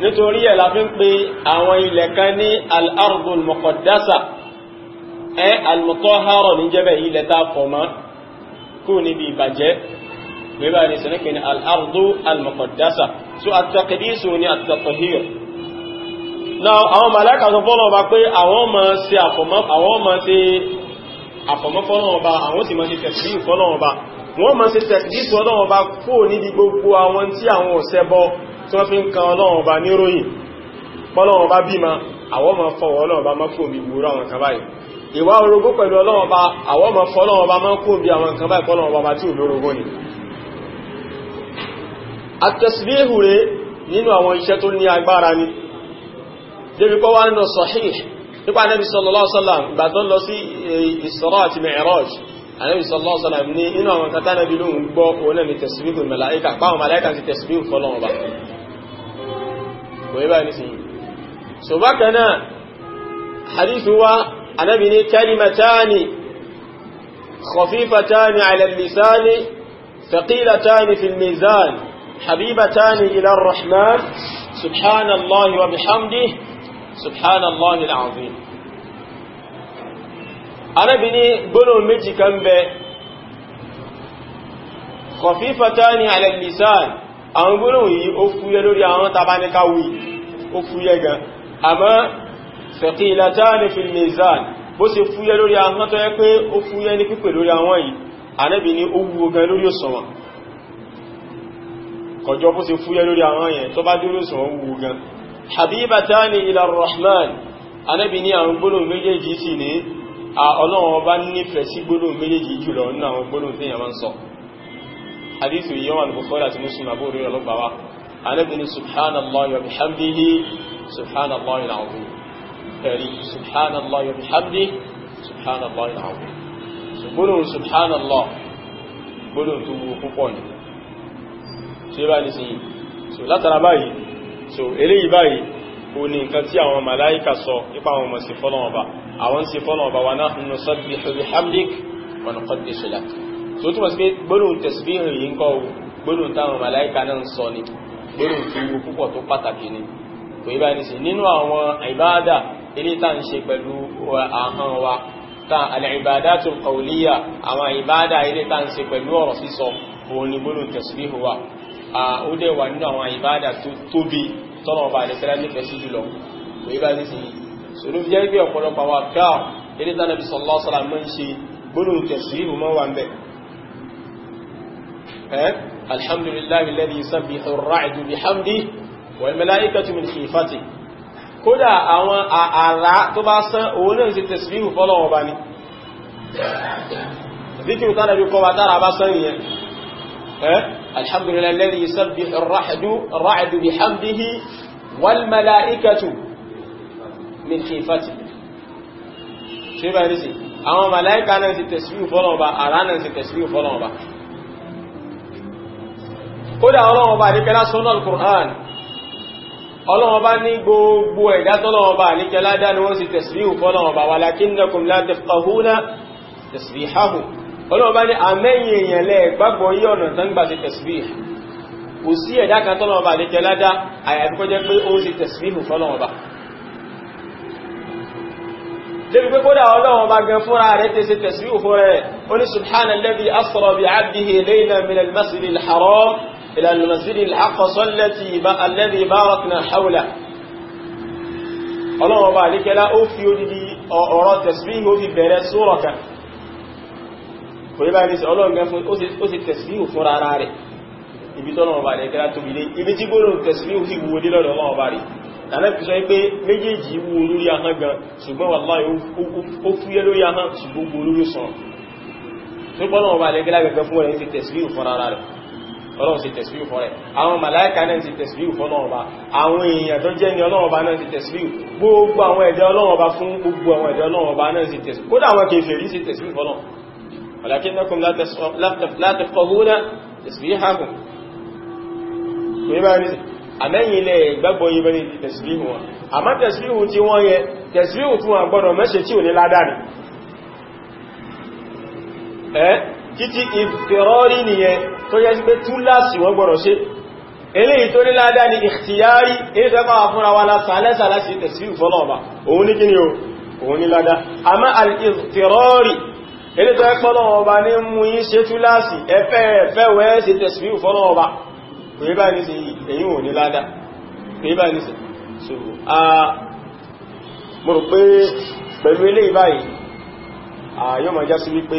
nítorí ẹ̀ la fi ń pe àwọn ilẹ̀ kan ní al-ardul muqaddasa ẹ al-mutahhara ní jẹ́bẹ̀ ilẹ̀ tá a fọ̀ mọ́ kú níbi ìbàjẹ́ bíbá ní sẹ́nẹ́kì ní al-ardu al-muqaddasa so at-taqdisu ní at-tathhir náà àwọn màláìkà sọ fọ́nà ọba pé àwọn ọmọ ṣe àfọ̀mọ́ fọ́nà ọba àwọn sì máa ṣe tẹ̀síì fọ́nà ọba tí wọ́n fi ń kan ọlọ́run ọba níròyìn pọ́lọ́run ọba bímọ àwọn ọmọ fọwọ́ ọlọ́run ọba mọ́kò mi gbúrú àwọn kan báyìí ìwà orogún pẹ̀lú ọlọ́run ọba àwọn ọmọ fọlọ́run ọba mọ́kò bí àwọn kan báyìí pọ́lọ́run ọba tí ò lórogún ni àtẹ̀síléhù rẹ̀ nínú àwọn iṣẹ́ tó ní agbára ni débi pọ́ wá nínú sahih nípa Ànábì sallallahu alaihi wasallam ìgbà tó ń eh, inú àwọn katánàbí lóhun gbọ́ òun náà ni tasbihul màláíkà pàwọn màláíkà ti tasbih fọ́lọ́run ọba ويبان سين سبقنا حديث هو أنا بني كلمتان خفيفتان على اللسان ثقيلتان في الميزان حبيبتان إلى الرحمن سبحان الله وبحمده سبحان الله العظيم أنا بني بلو متي كمبي خفيفتان على اللسان àwọn gbóòrùn yìí ó fúyẹ́ lórí àwọn tàbáníkáwì ó fúyẹ́ gan àmọ́ saqilatani fil mizan bó ṣe fúyẹ́ lórí àwọn tó yẹ pé ó fúyẹ́ ní pípẹ̀ lórí àwọn yìí Ànábì ní ó wúwo gan lórí òṣùwọ̀n kọjọ bó ṣe fúyẹ́ lórí àwọn yẹn tó habibatani ila rahman Ànábì ní àwọn gbóòrùn méjèèjì sì ní ọlọ́run ọba nífẹ̀ẹ́ sí gbóòrùn méjèèjì jùlọ nínú àwọn gbóòrùn tí yẹn máa ń hadithu yawan bukhari àti muslim abu hurairah ló gbà wá anabi ni subhanallah wa bihamdihi subhanallah alazim ẹ̀rí subhanallah wa bihamdihi subhanallah alazim gbólóhùn subhanallah gbólóhùn tó wú púpọ̀ ni ṣe bá ní sí so látara báyìí so eléyìí báyìí o ní nǹkan tí àwọn màláíkà sọ nípa àwọn ọmọ sí fọ́lọ́wọ́ bá àwọn sí fọ́lọ́wọ́ bá wa nahnu nusabbihu bihamdik wa nuqaddisu lak tó túnmọ̀ sí pé gbólóhùn tẹ̀síbíhìn yìí ń kọ́ o gbólóhùn táwọn màláìka náà ń sọ ni gbólóhùn tó wú púpọ̀ tó pàtàkì ni kò yí báyìí sí nínú àwọn ìbáadà ilé tá ń ṣe pẹ̀lú ahọ́n wa ta al-ibadatul qawliya àwọn ìbáadà ilé tá ń ṣe pẹ̀lú ọ̀rọ̀ sísọ òun ni gbólóhùn tẹ̀síbíhìn wa ó dẹ̀ wà nínú àwọn ìbáadà tó tóbi tọ́nà ọba àdẹ́sẹ́lá nífẹ̀ẹ́ sí jùlọ kò yí báyìí sí sọ̀rọ̀ fi jẹ́ pé ọ̀pọ̀lọpọ̀ àwọn àgbà ilé Eh? alhamdulillahi alladhi yusabbihu ar-ra'du bihamdihi wal malaikatu min khifatihi kódà àwọn ààrá tó bá sán òun náà sí tẹ̀sílíhù fọ́lọ́wọ́ bá ní ذكر طلب قواتار بصرية الحمد لله الذي يسبح الرعد الرعد بحمده والملائكة من خيفته شبه نسي أما ملائكة نسي تسبيح فلان با أرانا نسي تسبيح فلان با kódà ọlọ́wọ́n bá nípẹ́lá sọ́nà al-Qur'an ọlọ́wọ́n bá ní gbogbo ẹ̀dá tọ́lọ́wọ́n bá nípẹ́lá dá ní wọ́n sì tẹ̀síríhù fọ́lọ́wọ́n bá walakinnakum la tafqahuna tasbihahu ọlọ́wọ́n bá ní àmẹ́yìn èèyàn lẹ́ إلى المسجد الأقصى الذي باركنا حوله ọlọ́run ọba àríkẹ́lá ó fi odidi ọ̀rọ̀ tẹ̀sbíhù ó fi bẹ̀rẹ̀ sóòrọ̀ kan kò yí báyìí sí ọlọ́run gan fún ó sì tẹ̀sbíhù fún rárá rẹ̀ ibi tọ́lọ́run ọba àríkẹ́lá tóbi dé ibi tí gbóòrùn tẹ̀sbíhù sì tàbí pé méjèèjì wú olórí ahọ́n gan ṣùgbọ́n wàláhì ó fúyẹ́ lórí ahọ́n ṣùgbọ́n olórí sọ̀rọ̀ tó pọ́lọ́run ọba àríkẹ́lá gẹ̀gẹ́ fún rẹ̀ ti tẹ̀sbíhù fún rárá rẹ̀ ọlọ́run sì tẹ̀síwì fọ́ rẹ̀ àwọn màláìkà náà sì tẹ̀síwì fọ́ ọlọ́run ọba àwọn èèyàn tó jẹ́ ní ọlọ́run ọba náà sì tẹ̀síwì gbogbo àwọn ẹ̀dẹ́ ọlọ́run ọba fún gbogbo àwọn ẹ̀dẹ́ ọlọ́run ọba náà sì tẹ̀síwì kódà àwọn kèfèrí sì tẹ̀síwì fọ́ ọlọ́run ولكنكم لا تفقهون تسبيحهم àmẹ́yìn ilẹ̀ ìgbàgbọ́ yìí bẹ́ni tẹ̀sìlíhù wọn àmá tẹ̀sìlíhù tí wọ́n yẹ tẹ̀sìlíhù tí wọ́n gbọ́dọ̀ mẹ́ṣe tí ò ní ládàrí ẹ́ títí ìfẹ̀rọ́rí nìyẹn tó yẹ pé túláàsì wọ́n gbọ́rọ̀ ṣe eléyìí tó níláàdá ni ìhtìyárí èyí tó pàwà fúnra wa lásàálẹ́sà láti tẹ̀sí ìfọ́lọ̀ọ̀bà òun ní kí ni o òun ní ládá àmá al-ìhtìrọ́rì èyí tó ẹ̀pọ́lọ̀ọ̀bà ní mú yí ṣe túláàsì ẹfẹ́ ẹ̀fẹ́ wẹ́ ṣe tẹ̀sí ìfọ́lọ̀ọ̀bà kò yí bá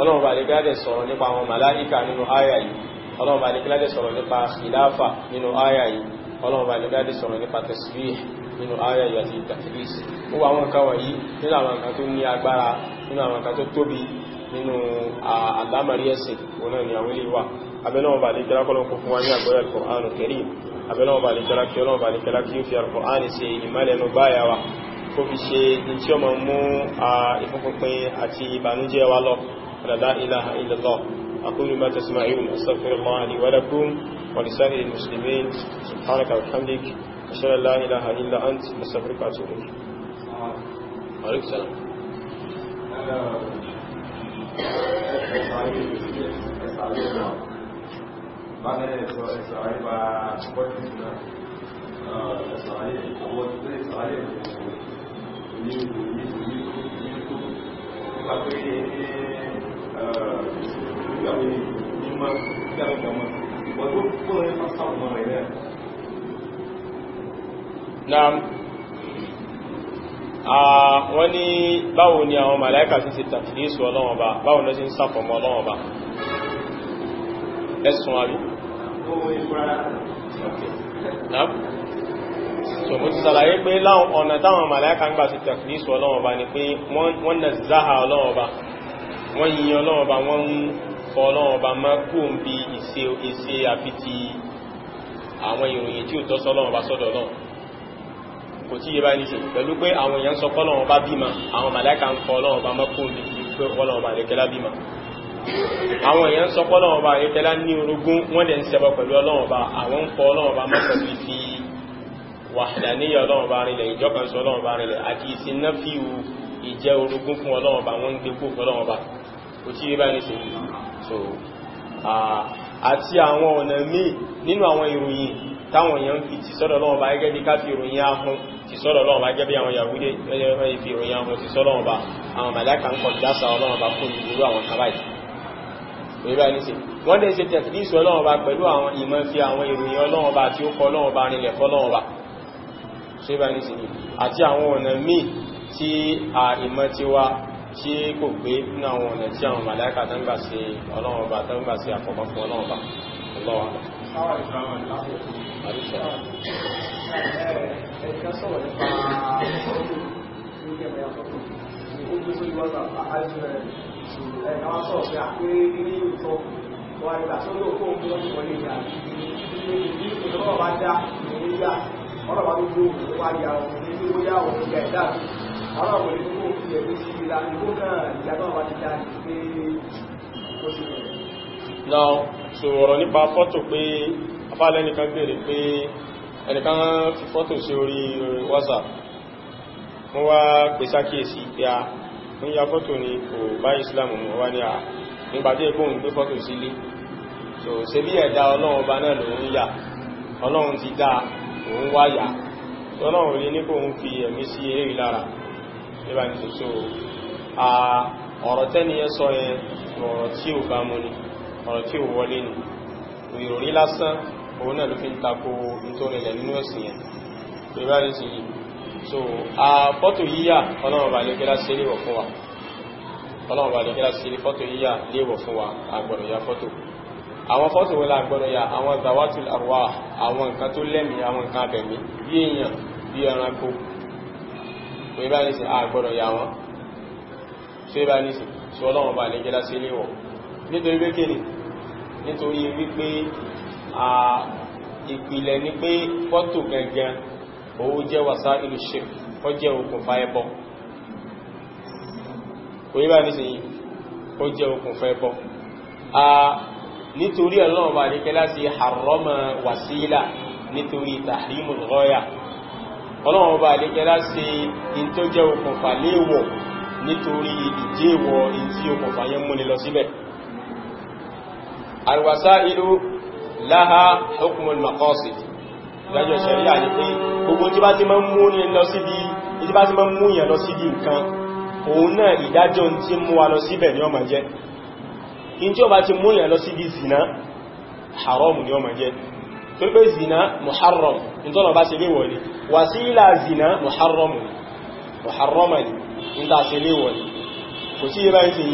ọlọ́run bá lè gbádẹ̀ sọ̀rọ̀ nípa àwọn màláíkà nínú àyà yìí ọlọ́run bá lè gbádẹ̀ sọ̀rọ̀ nípa ìdáfà nínú àyà yìí ọlọ́run bá lè gbádẹ̀ sọ̀rọ̀ nípa tẹ̀sírí nínú àyà yìí àti ìtàkìlísì ó wà wọn káwà yìí nínú ni àwọn ilé wà abẹ́lọ́wọ́ bá lè jẹ́lá kọ́lọ́kọ́ fún wa ní àgbọ́yà al-Qur'anu Karim abẹ́lọ́wọ́ bá lè jẹ́lá kí ọlọ́wọ́ bá lè jẹ́lá kí fi ṣe wa kó fi ṣe ní tí ó ma mú ìfúnpínpín àti ìbànújẹ́ wa lọ أشهد أن لا إله إلا الله أقول ما تسمعون أستغفر الله لي ولكم ولسائر المسلمين سبحانك وبحمدك أشهد أن لا إله إلا أنت أستغفرك وأتوب إليك عليك السلام Thank digamos, de uma gargama. Quando foi passar uma mãe, né? Naam. Ah, wọ́n ní báwo ni àwọn màláíkà sí ti tàfíìsù ọlọ́wọ́n bá báwo ní ó sì ń sàfọ̀mọ́ ọlọ́wọ́n bá ẹ̀sùn àrí sọ̀bọ̀ ti sàlàyé pé láwọn ọ̀nà táwọn màláíkà ń gbà sí tàfíìsù ọlọ́wọ́n bá ni pé wọ́n nà záhà ọlọ́wọ́n bá wọ́n yin ọlọ́ọ̀ba wọ́n ń fọ ọlọ́ọ̀ba má kó ń bí ìṣe àfi ti àwọn ìròyìn tí ó tọ́ sọ́lọ́ọ̀ba sọ́dọ̀ náà kò tí yẹ bá níṣe pẹ̀lú pé àwọn èèyàn sọ pọ́lọ́ọ̀ba bímọ àwọn màláìka ń fọ ọlọ́ọ̀ba má kó ń bí ìpé ọlọ́ọ̀ba àdékẹ́lá bímọ àwọn èèyàn sọ pọ́lọ́ọ̀ba àdékẹ́lá ní orogún wọ́n dẹ̀ ń ṣẹbọ pẹ̀lú ọlọ́ọ̀ba àwọn ń fọ ọlọ́ọ̀ba má pẹ̀lú ìfi wàhàdàníyà ìjẹ́ orogún fún ọlọ́run wọ́n ń gbé kó fún kò tí rí bá ní sèyí so àti àwọn ọ̀nà míì nínú àwọn ìròyìn táwọn èèyàn fi ti sọ́dọ̀ lọ́wọ́ bá gẹ́gẹ́ bí ká fi ìròyìn ahun ti sọ́dọ̀ lọ́wọ́ bá gẹ́gẹ́ bí àwọn yàwúdé lọ́yẹ́ fi ìròyìn ahun ti sọ́dọ̀ tí kò pé nínú àwọn ọ̀nà tí àwọn màláìkà tó gbà sí ọlọ́run ọba gbà sí àkọ́kọ́ fún ọlọ́run ọba ọlọ́run wọ́n ìgbà tó ló kó oúnjẹ wọlé ìyá ní ìjọba bá dá ìrìnlẹ̀ ọ̀rọ̀ wà ló gbóòrùn wáyà ọ̀rọ̀ ní ìgbóyà ọ̀rọ̀ ìgbà ìdáàbò now so ọ̀rọ̀ nípa fọ́tò pé afálẹ́ nìkan béèrè pé ẹnìkan fi fọ́tò sí orí WhatsApp wọ́n wá pè sákíyèsí pé a ń ya fọ́tò ni kò bá Islam mọ̀ wá ní a nígbàtí ẹ̀kọ́ òun gbé fọ́tò sílé so ṣe bí ẹ̀dá ọlọ́run ọba náà lòun ń nígbà ní sòsò ọ̀rọ̀ tẹ́ni yẹn sọ yẹn ọ̀rọ̀ tí ò bá mú ni ọ̀rọ̀ tí ò wọlé ni ìròrí lásán òun náà ló fi ń tako nítorìnlẹ̀ nínú ẹ̀sìn yẹn ìbá ní sí so a fọ́tò yíyà ọlọ́run bá lè kẹ́lá sí léwọ̀ fún wa ọlọ́run bá lè kẹ́lá sí fọ́tò yíyà léwọ̀ ya fọ́tò àwọn fọ́tò wọlé àgbọ̀dọ̀ ya àwọn zawatul arwa, àwọn nǹkan tó lẹ́mìí àwọn nǹkan abẹ̀mí bí èèyàn bí ẹranko so ibá ní sí àgbọ́dọ̀ yà wọ́n so ibá ní sí sí ọlọ́wọ́n bá lè gẹ́lá sí ilé nítorí pé kìnnì nítorí wípé a ìpìlẹ̀ ni pé fọ́tò gangan owó jẹ́ wàsá ìlú ṣe ó jẹ́ okùnfà ẹbọ kò yí bá ní sí yìí ó jẹ́ okùnfà ẹbọ nítorí ọlọ́wọ́n bá lè gẹ́lá sí harrama wasila nítorí tahrimul ghaya ọlọ́run ọba àdékẹ́lá ṣe in tó jẹ́ okùnfà léèwọ̀ nítorí ìdíjéwọ̀ in tí okùnfà yẹn múni lọ síbẹ̀ alwasa ilu láha hukmul maqasid ìdájọ́ ṣẹ̀ríà ní pé gbogbo tí bá ti máa mú yẹn lọ síbi tí bá ti máa mú yẹn lọ síbi nǹkan òun náà ìdájọ́ tí mú wa lọ síbẹ̀ ni ó jẹ́ in tí ó bá ti mú yẹn lọ síbi zina haram ni ó jẹ́ tó pé zina muharram ìtọ́nà bá ṣe zina muharramu muharrama ni ìta ṣe léwọ̀ kò tí ti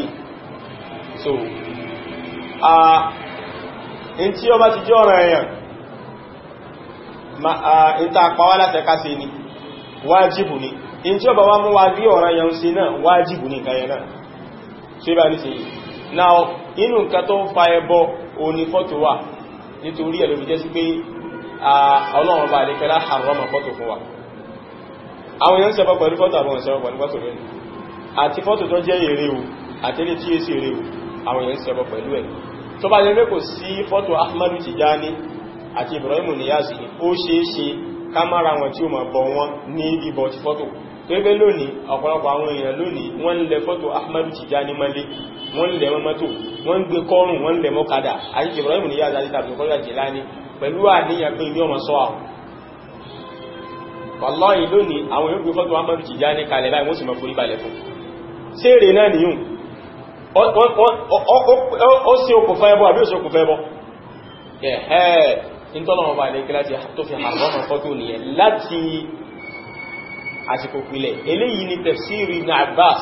so a in tí ó bá ti jẹ́ ọ̀rọ̀ ẹ̀yàn ìta pàwà ni wájìbù ni in tí ó bá wá mú wá bí ọ̀rọ̀ ẹ̀yàn sí náà wájìbù ni nǹkan náà nítorí sí ọlọ́run bá lè kẹ́lá àrọ́mà fọ́tò fún wa àwọn èèyàn sẹ́fọ́ pẹ̀lú fọ́tò àwọn ìṣẹ́fọ́ pẹ̀lú fọ́tò rẹ̀ àti fọ́tò tó jẹ́ èrè o àtẹ́lẹ̀ tí èsì èrè o àwọn èèyàn sẹ́fọ́ pẹ̀lú ẹ̀ tó bá lẹ́rẹ́ kò sí fọ́tò Ahmadu Tijani àti Ibrahim Niyasi ó ṣeéṣe ká mára wọn tí ó máa bọ wọn ní ibọ̀ ti fọ́tò pẹ́gbẹ́ lónìí ọ̀pọ̀lọpọ̀ àwọn èèyàn lónìí wọ́n lẹ fọ́tò Ahmadu Tijani Malik wọ́n lẹ mọ́mọ́tò wọ́n gbé kọrùn wọ́n lẹ mọ́kadà àti Ibrahim ní yáza àti àbúkọ́lá Jìlání pẹ̀lú àníyàn pé ní ọmọ sọ́wà wàláhì lónìí àwọn yóò gbé fọ́tò Ahmadu Tijani kalẹ̀ báyìí wọ́n sì mọ̀ forí balẹ̀ fún séèrè náà nìyún ó sí okùnfà ẹbọ àbí òsì okùnfà ẹbọ ẹ̀ẹ́ ìtọ́lọ́mọba ilẹ̀ kíláàsì tó fi àrọ́mọ̀ fọ́tò nìyẹn láti àsìkò pìlẹ̀ eléyìí ni tafsiri ibn abbas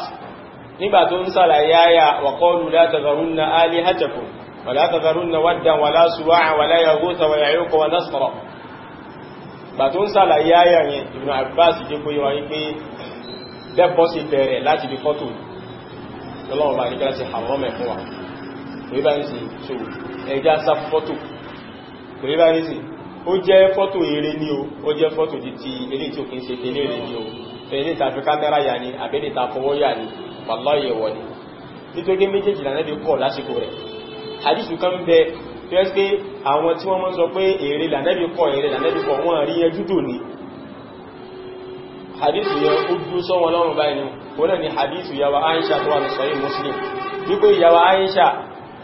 nígbà tó ń sàlàyé ayà wa qalu la tadharunna alihatakum wa la tadharunna waddan wa la suwa'a wa la yaghutha wa ya'uqa wa nasra gbà tó ń sàlàyé ayà yẹn ibn abbas jẹ́ pé wọ́n yí ó jẹ́ fọ́tò eré ní o ó jẹ́ fọ́tò ti eré tí ó kìí ṣe tẹ́lẹ̀ rẹ̀ ní o tẹ́lẹ̀ tàbí kámẹ́rà yà ní àbẹ́lẹ̀ ta fọwọ́ yà ní wallahi èèwọ̀ ni nítorí méjèèjì lànà lè kọ̀ lásìkò rẹ̀ àdìsù kan bẹ tó yẹ pé àwọn tí wọ́n mọ́ sọ pé èrè lànà lè kọ̀ èrè lànà lè kọ̀ wọ́n rí ẹjú dò ní hadithu yẹn ó dúró sọ́wọ́n lọ́rùn báyìí ni wọ́n náà ni hadithu yàwó Aisha tó wà ní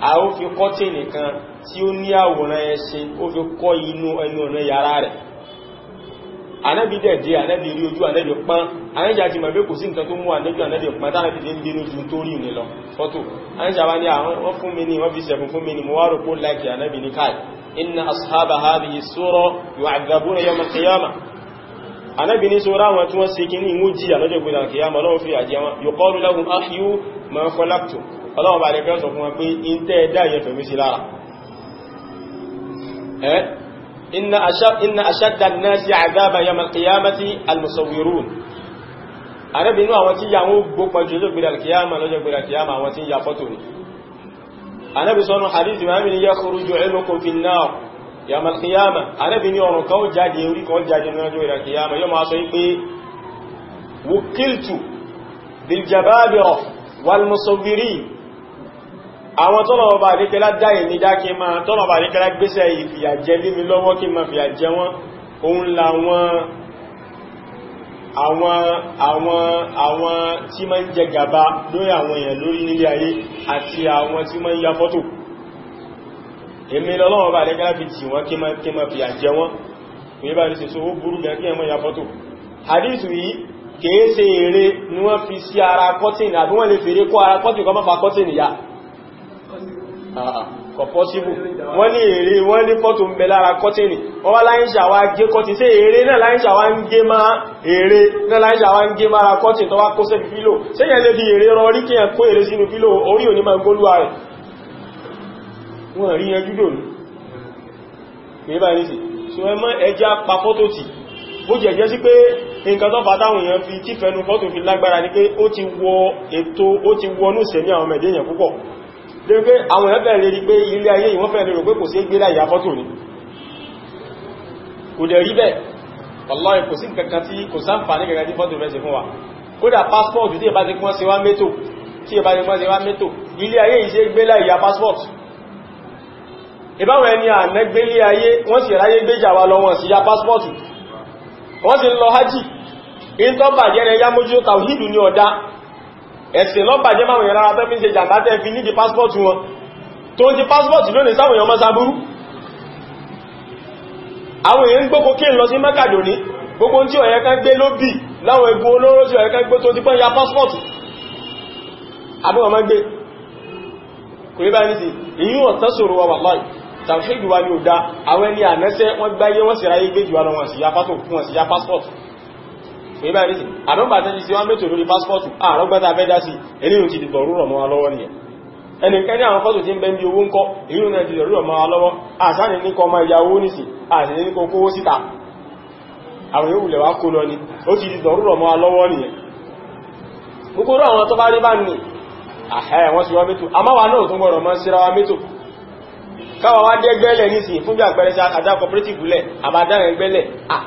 a ó fi kọ́ tí nìkan tí ó ní àwòrán ẹṣin ó fi kọ́ inú ẹnu ọ̀nà yàrá rẹ̀ anẹ́bí dẹ̀dẹ̀ anẹ́bí rí ojú anẹ́bí pán anẹ́bí àti màbé kò sí nǹkan tó mú anẹ́bí anẹ́bí pán tánàbí dé ń dénú ju tó rí ní lọ fọ́tò anẹ́bí àwọn ní àwọn fún mi ní wọ́n fi sẹ̀fún fún mi ní mo wá rò pó láìkì anẹ́bí ní káì inna ashaba hadhihi sura yu'adhabuna yawm sọ́rọ̀ àwọn tí wọ́n ṣe kí ní ìwọ́n jìyà lọ́jọ́ ìgbìyànjú kìyàmà lọ́wọ́ fi àjẹmọ́ yuqalu lahum ahyu ma ọlọ́wọ́ bá lẹ́fẹ́ sọ fún wọn pé in tẹ́ ẹ̀dá ìyẹ̀fẹ̀ mí sí lára ẹ́ inna ashadda an-nasi 'adhaban yawm al-qiyamati al-musawwirun àrẹ́bì inú àwọn tí ya wọ́n gbópa jù ló gbèrè al-qiyama lọ́jọ́ gbèrè al-qiyama àwọn tí ya fọ́tò ní àrẹ́bì sọ́nà hadith mahamin yakhruju 'unuqun àwọn tọ́lọ̀wọ̀ bá àríkẹ́lá dáyẹ̀ ní dákí ma tọ́lọ̀wọ̀ bá àríkẹ́lá gbéṣẹ́ ìfìyàjẹ lími lọ́wọ́ kí ma fìyàjẹ wọn òun la wọn àwọn àwọn àwọn tí ma ń jẹ gàba lórí àwọn èèyàn lórí nílé ayé àti àwọn tí ma ń ya fọ́tò èmi lọ́lọ́wọ́ bá àríkẹ́lá fi tì wọ́n kí ma fìyàjẹ wọn kò yíba ní sèso ya fọ́tò hadithu yìí kèése èrè ni wọ́n fi sí ara kọ́tìnì àbí wọ́n lè fèrè kó ara kọ́tìnì kọ́ mọ́fà kọ́tìnì ya Ah. kọ̀ pọ́síbù wọ́n ní èrè wọ́n ní fọ́tò ń bẹ lára kọ́tìnì wọ́n wá láìṣà wá gé kọ́tì sí èrè náà láìṣà wá ń gé máa èrè náà láìṣà wá ń gé mára kọ́tìn tó wá kó sẹ́bí fílò sẹ́yẹ̀ lè fi èrè rọ orí kíyàn kó èrè sínú fílò orí òní máa gólúwa rẹ̀ wọ́n rí yanjú dòní nígbà nísì so ẹ mọ́ ẹjá pa fọ́tò tó fàtàwọn èèyàn fi tífẹ́nu fọ́tò fi lágbára ní pé ó ti wọ ètò ó ti wọnú sẹ̀mí àwọn mẹ̀dẹ́yàn púpọ̀ lórí pé àwọn èèyàn bẹ̀rẹ̀ rí pé ilé ayé ìwọ́n fẹ́ lérò pé kò sí gbé láyé afọ́tò ní kò dẹ̀ rí bẹ́ẹ̀ wallahi kò sí kankan tí kò sáǹfàní kankan tí fọ́tò rẹ̀ ṣe fún wa kódà passport tí ìbá ti kún ṣe wá mẹ́tò tí ìbá ti kún ṣe wá mẹ́tò ilé ayé ìṣe gbé láyé passport ìbáwọn ẹni ànẹ́gbélé ayé wọ́n sì ráyé gbéjà wa lọ wọn sí ya passport wọ́n sì lọ hajj in tó bàjẹ́ rẹ̀ yá mójú tàwíìdù ní ọ̀dá ẹ̀sìn lọ́bàjẹ́ máwọn èèyàn ara tẹ́ fi ń ṣe jàǹbá tẹ́ fi nídi pásípọ̀tì wọn tó ń ti pásípọ̀tì lónìí sáwọn èèyàn mọ́sàbúrú àwọn èèyàn gbókó kí n lọ sí mẹ́kàdò ní gbogbo tí ọ̀yẹ́ kan gbé ló bì láwọn egbò olóró tí ọ̀yẹ́ kan gbé tó ti pẹ́ ya pásípọ̀tì àbúrò máa gbé kò ní báyìí nìsí èyí wọ̀n tán sòrò wa wà láì tàbí wa ni ò dá àwọn ẹni ànẹ́sẹ́ wọ́n gbáyé wọ́n sì ráyé gbé jù wa lọ wọ́n sì ya pásípọ̀tì ìbá ní àdọ́gbà tẹ́jì sí wọ́n mẹ́tò lórí pásípọ̀tù àrọ́gbàtà ah, fẹ́ dá sí eléyìn ti dìdọ̀ rúrọ̀ mọ́ alọ́wọ́ ni ẹnìkẹ́ ní àwọn fọ́tò tí ń bẹ́ bí owó ń kọ́ èyí náà dìdọ̀ rúrọ̀ mọ́ alọ́wọ́ ah, àṣáni ní kọmọ ìyàwó nìsì àti ní kò ah, kówó síta àwọn yóò lẹ̀wà kó lọ ni ó ti dìdọ̀ rúrọ̀ mọ́ alọ́wọ́ nìyẹn gbogbo àwọn tó bá rí bá ní àhẹ́ wọ́n sì wọ́n mẹ́tò àmáwà náà tó gbọ́rọ̀ mọ́ síra wa mẹ́tò káwà wá dẹ́gbẹ́lẹ̀ nìsìn fún bí àpẹẹrẹ sí àjá cooperative lẹ̀ àbádáyẹn gbẹ́lẹ̀ ah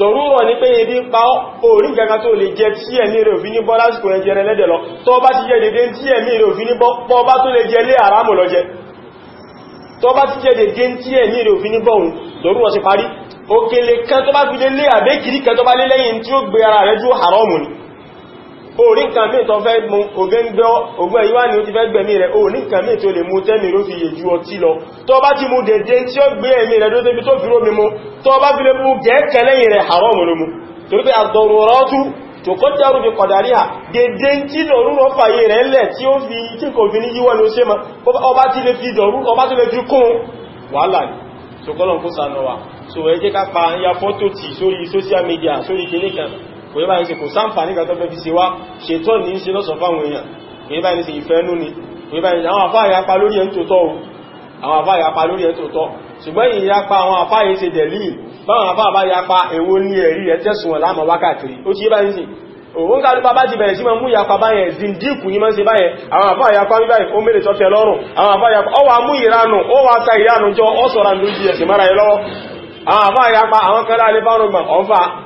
dọ̀rúrọ̀ ní pé ebi ń pa orí gẹ́gẹ́ tó lè jẹ tí ẹ̀mí rẹ̀ òfin ní bọ́ lásìkò ẹjẹ rẹ̀ lẹ́dẹ̀ lọ tó bá ti jẹ dédé tí ẹ̀mí rẹ̀ òfin ní bọ́ bá tó lè jẹ lé àrámù lọ jẹ tó bá ti jẹ dédé tí ẹ̀mí rẹ̀ òfin ní òun dọ̀rúrọ̀ sí parí òkèlè kan tó bá fi lé àbẹ́kìrí kan tó bá lé lẹ́yìn tí ó gbé ara rẹ̀ dúró haramu ni orí nǹkan mí tó fẹ́ mú ogún ẹ̀yíwá ni ó ti fẹ́ gbẹ̀mí rẹ̀ orí nǹkan mí tó lè mú tẹ́mì ló fi yè ju ọtí lọ tó bá ti mú dẹ̀dẹ̀ tí ó gbé ẹ̀mí rẹ̀ dótóbi tó fi rómi mú tó bá fi lè mú gẹ́ẹ̀kẹ́ lẹ́yìn rẹ̀ haram ló so kọ́lọ̀ ká pa ya fọ́tò tì sórí social media sórí kìnnìkan kò yẹ báyìí sí kò sáǹfà nígbà tó fẹ́ fi ṣe wá ṣètọ́ ní ṣe lọ́sọ̀ fáwọn èèyàn ni kò yẹ báyìí àwọn àfáà yapa lórí ẹ̀ ń tòótọ́ o àwọn àfáà yapa lórí ẹ̀ tòótọ́ ṣùgbọ́n yìí yapa àwọn àfáà yìí ṣe dẹ̀lí báwọn àfáà bá yapa èwo ní ẹ̀rí rẹ̀ tẹ̀sùn wọn láàmú wákàtí ó ti yẹ báyìí sí òun ká lúpa bá ti bẹ̀rẹ̀ sí ma mú ìyapa báyẹn zindíkù ní máa ń ṣe báyẹn àwọn àfáà ìyapa bí báyìí ó mẹ́lẹ̀ tọ́tẹ̀ lọ́rùn àwọn àfáà ìyapa ó wà mú ìranù ó wà ta ìranù jọ ọ́sọ̀rọ̀ lójú ẹ̀sìn mára ẹ lọ́wọ́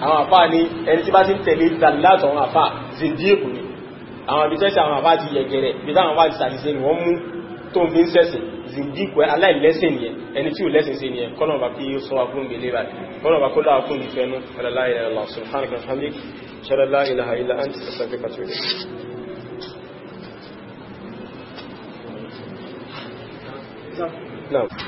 àwọn àfáà ní ẹni tí bá ti ń tẹ̀lé dàlátọ̀ àwọn àfáà zindíèkù ni àwọn abisẹ́sẹ̀ àwọn àfáà ti yẹgẹrẹ bí táwọn àfáà ti sàdìsẹ́ ni wọ́n mú tó ń fi ń sẹ́sìn zindíèkù aláìlẹ́sìn yẹn ẹni tí ò lẹ́sìn sí ni yẹn kọ́nà bá kí ó sọ fún gbèlè rà kọ́nà bá kó láwà fún ìfẹ́ nú la ilaha illa anta astaghfiruka wa atubu ilayk No.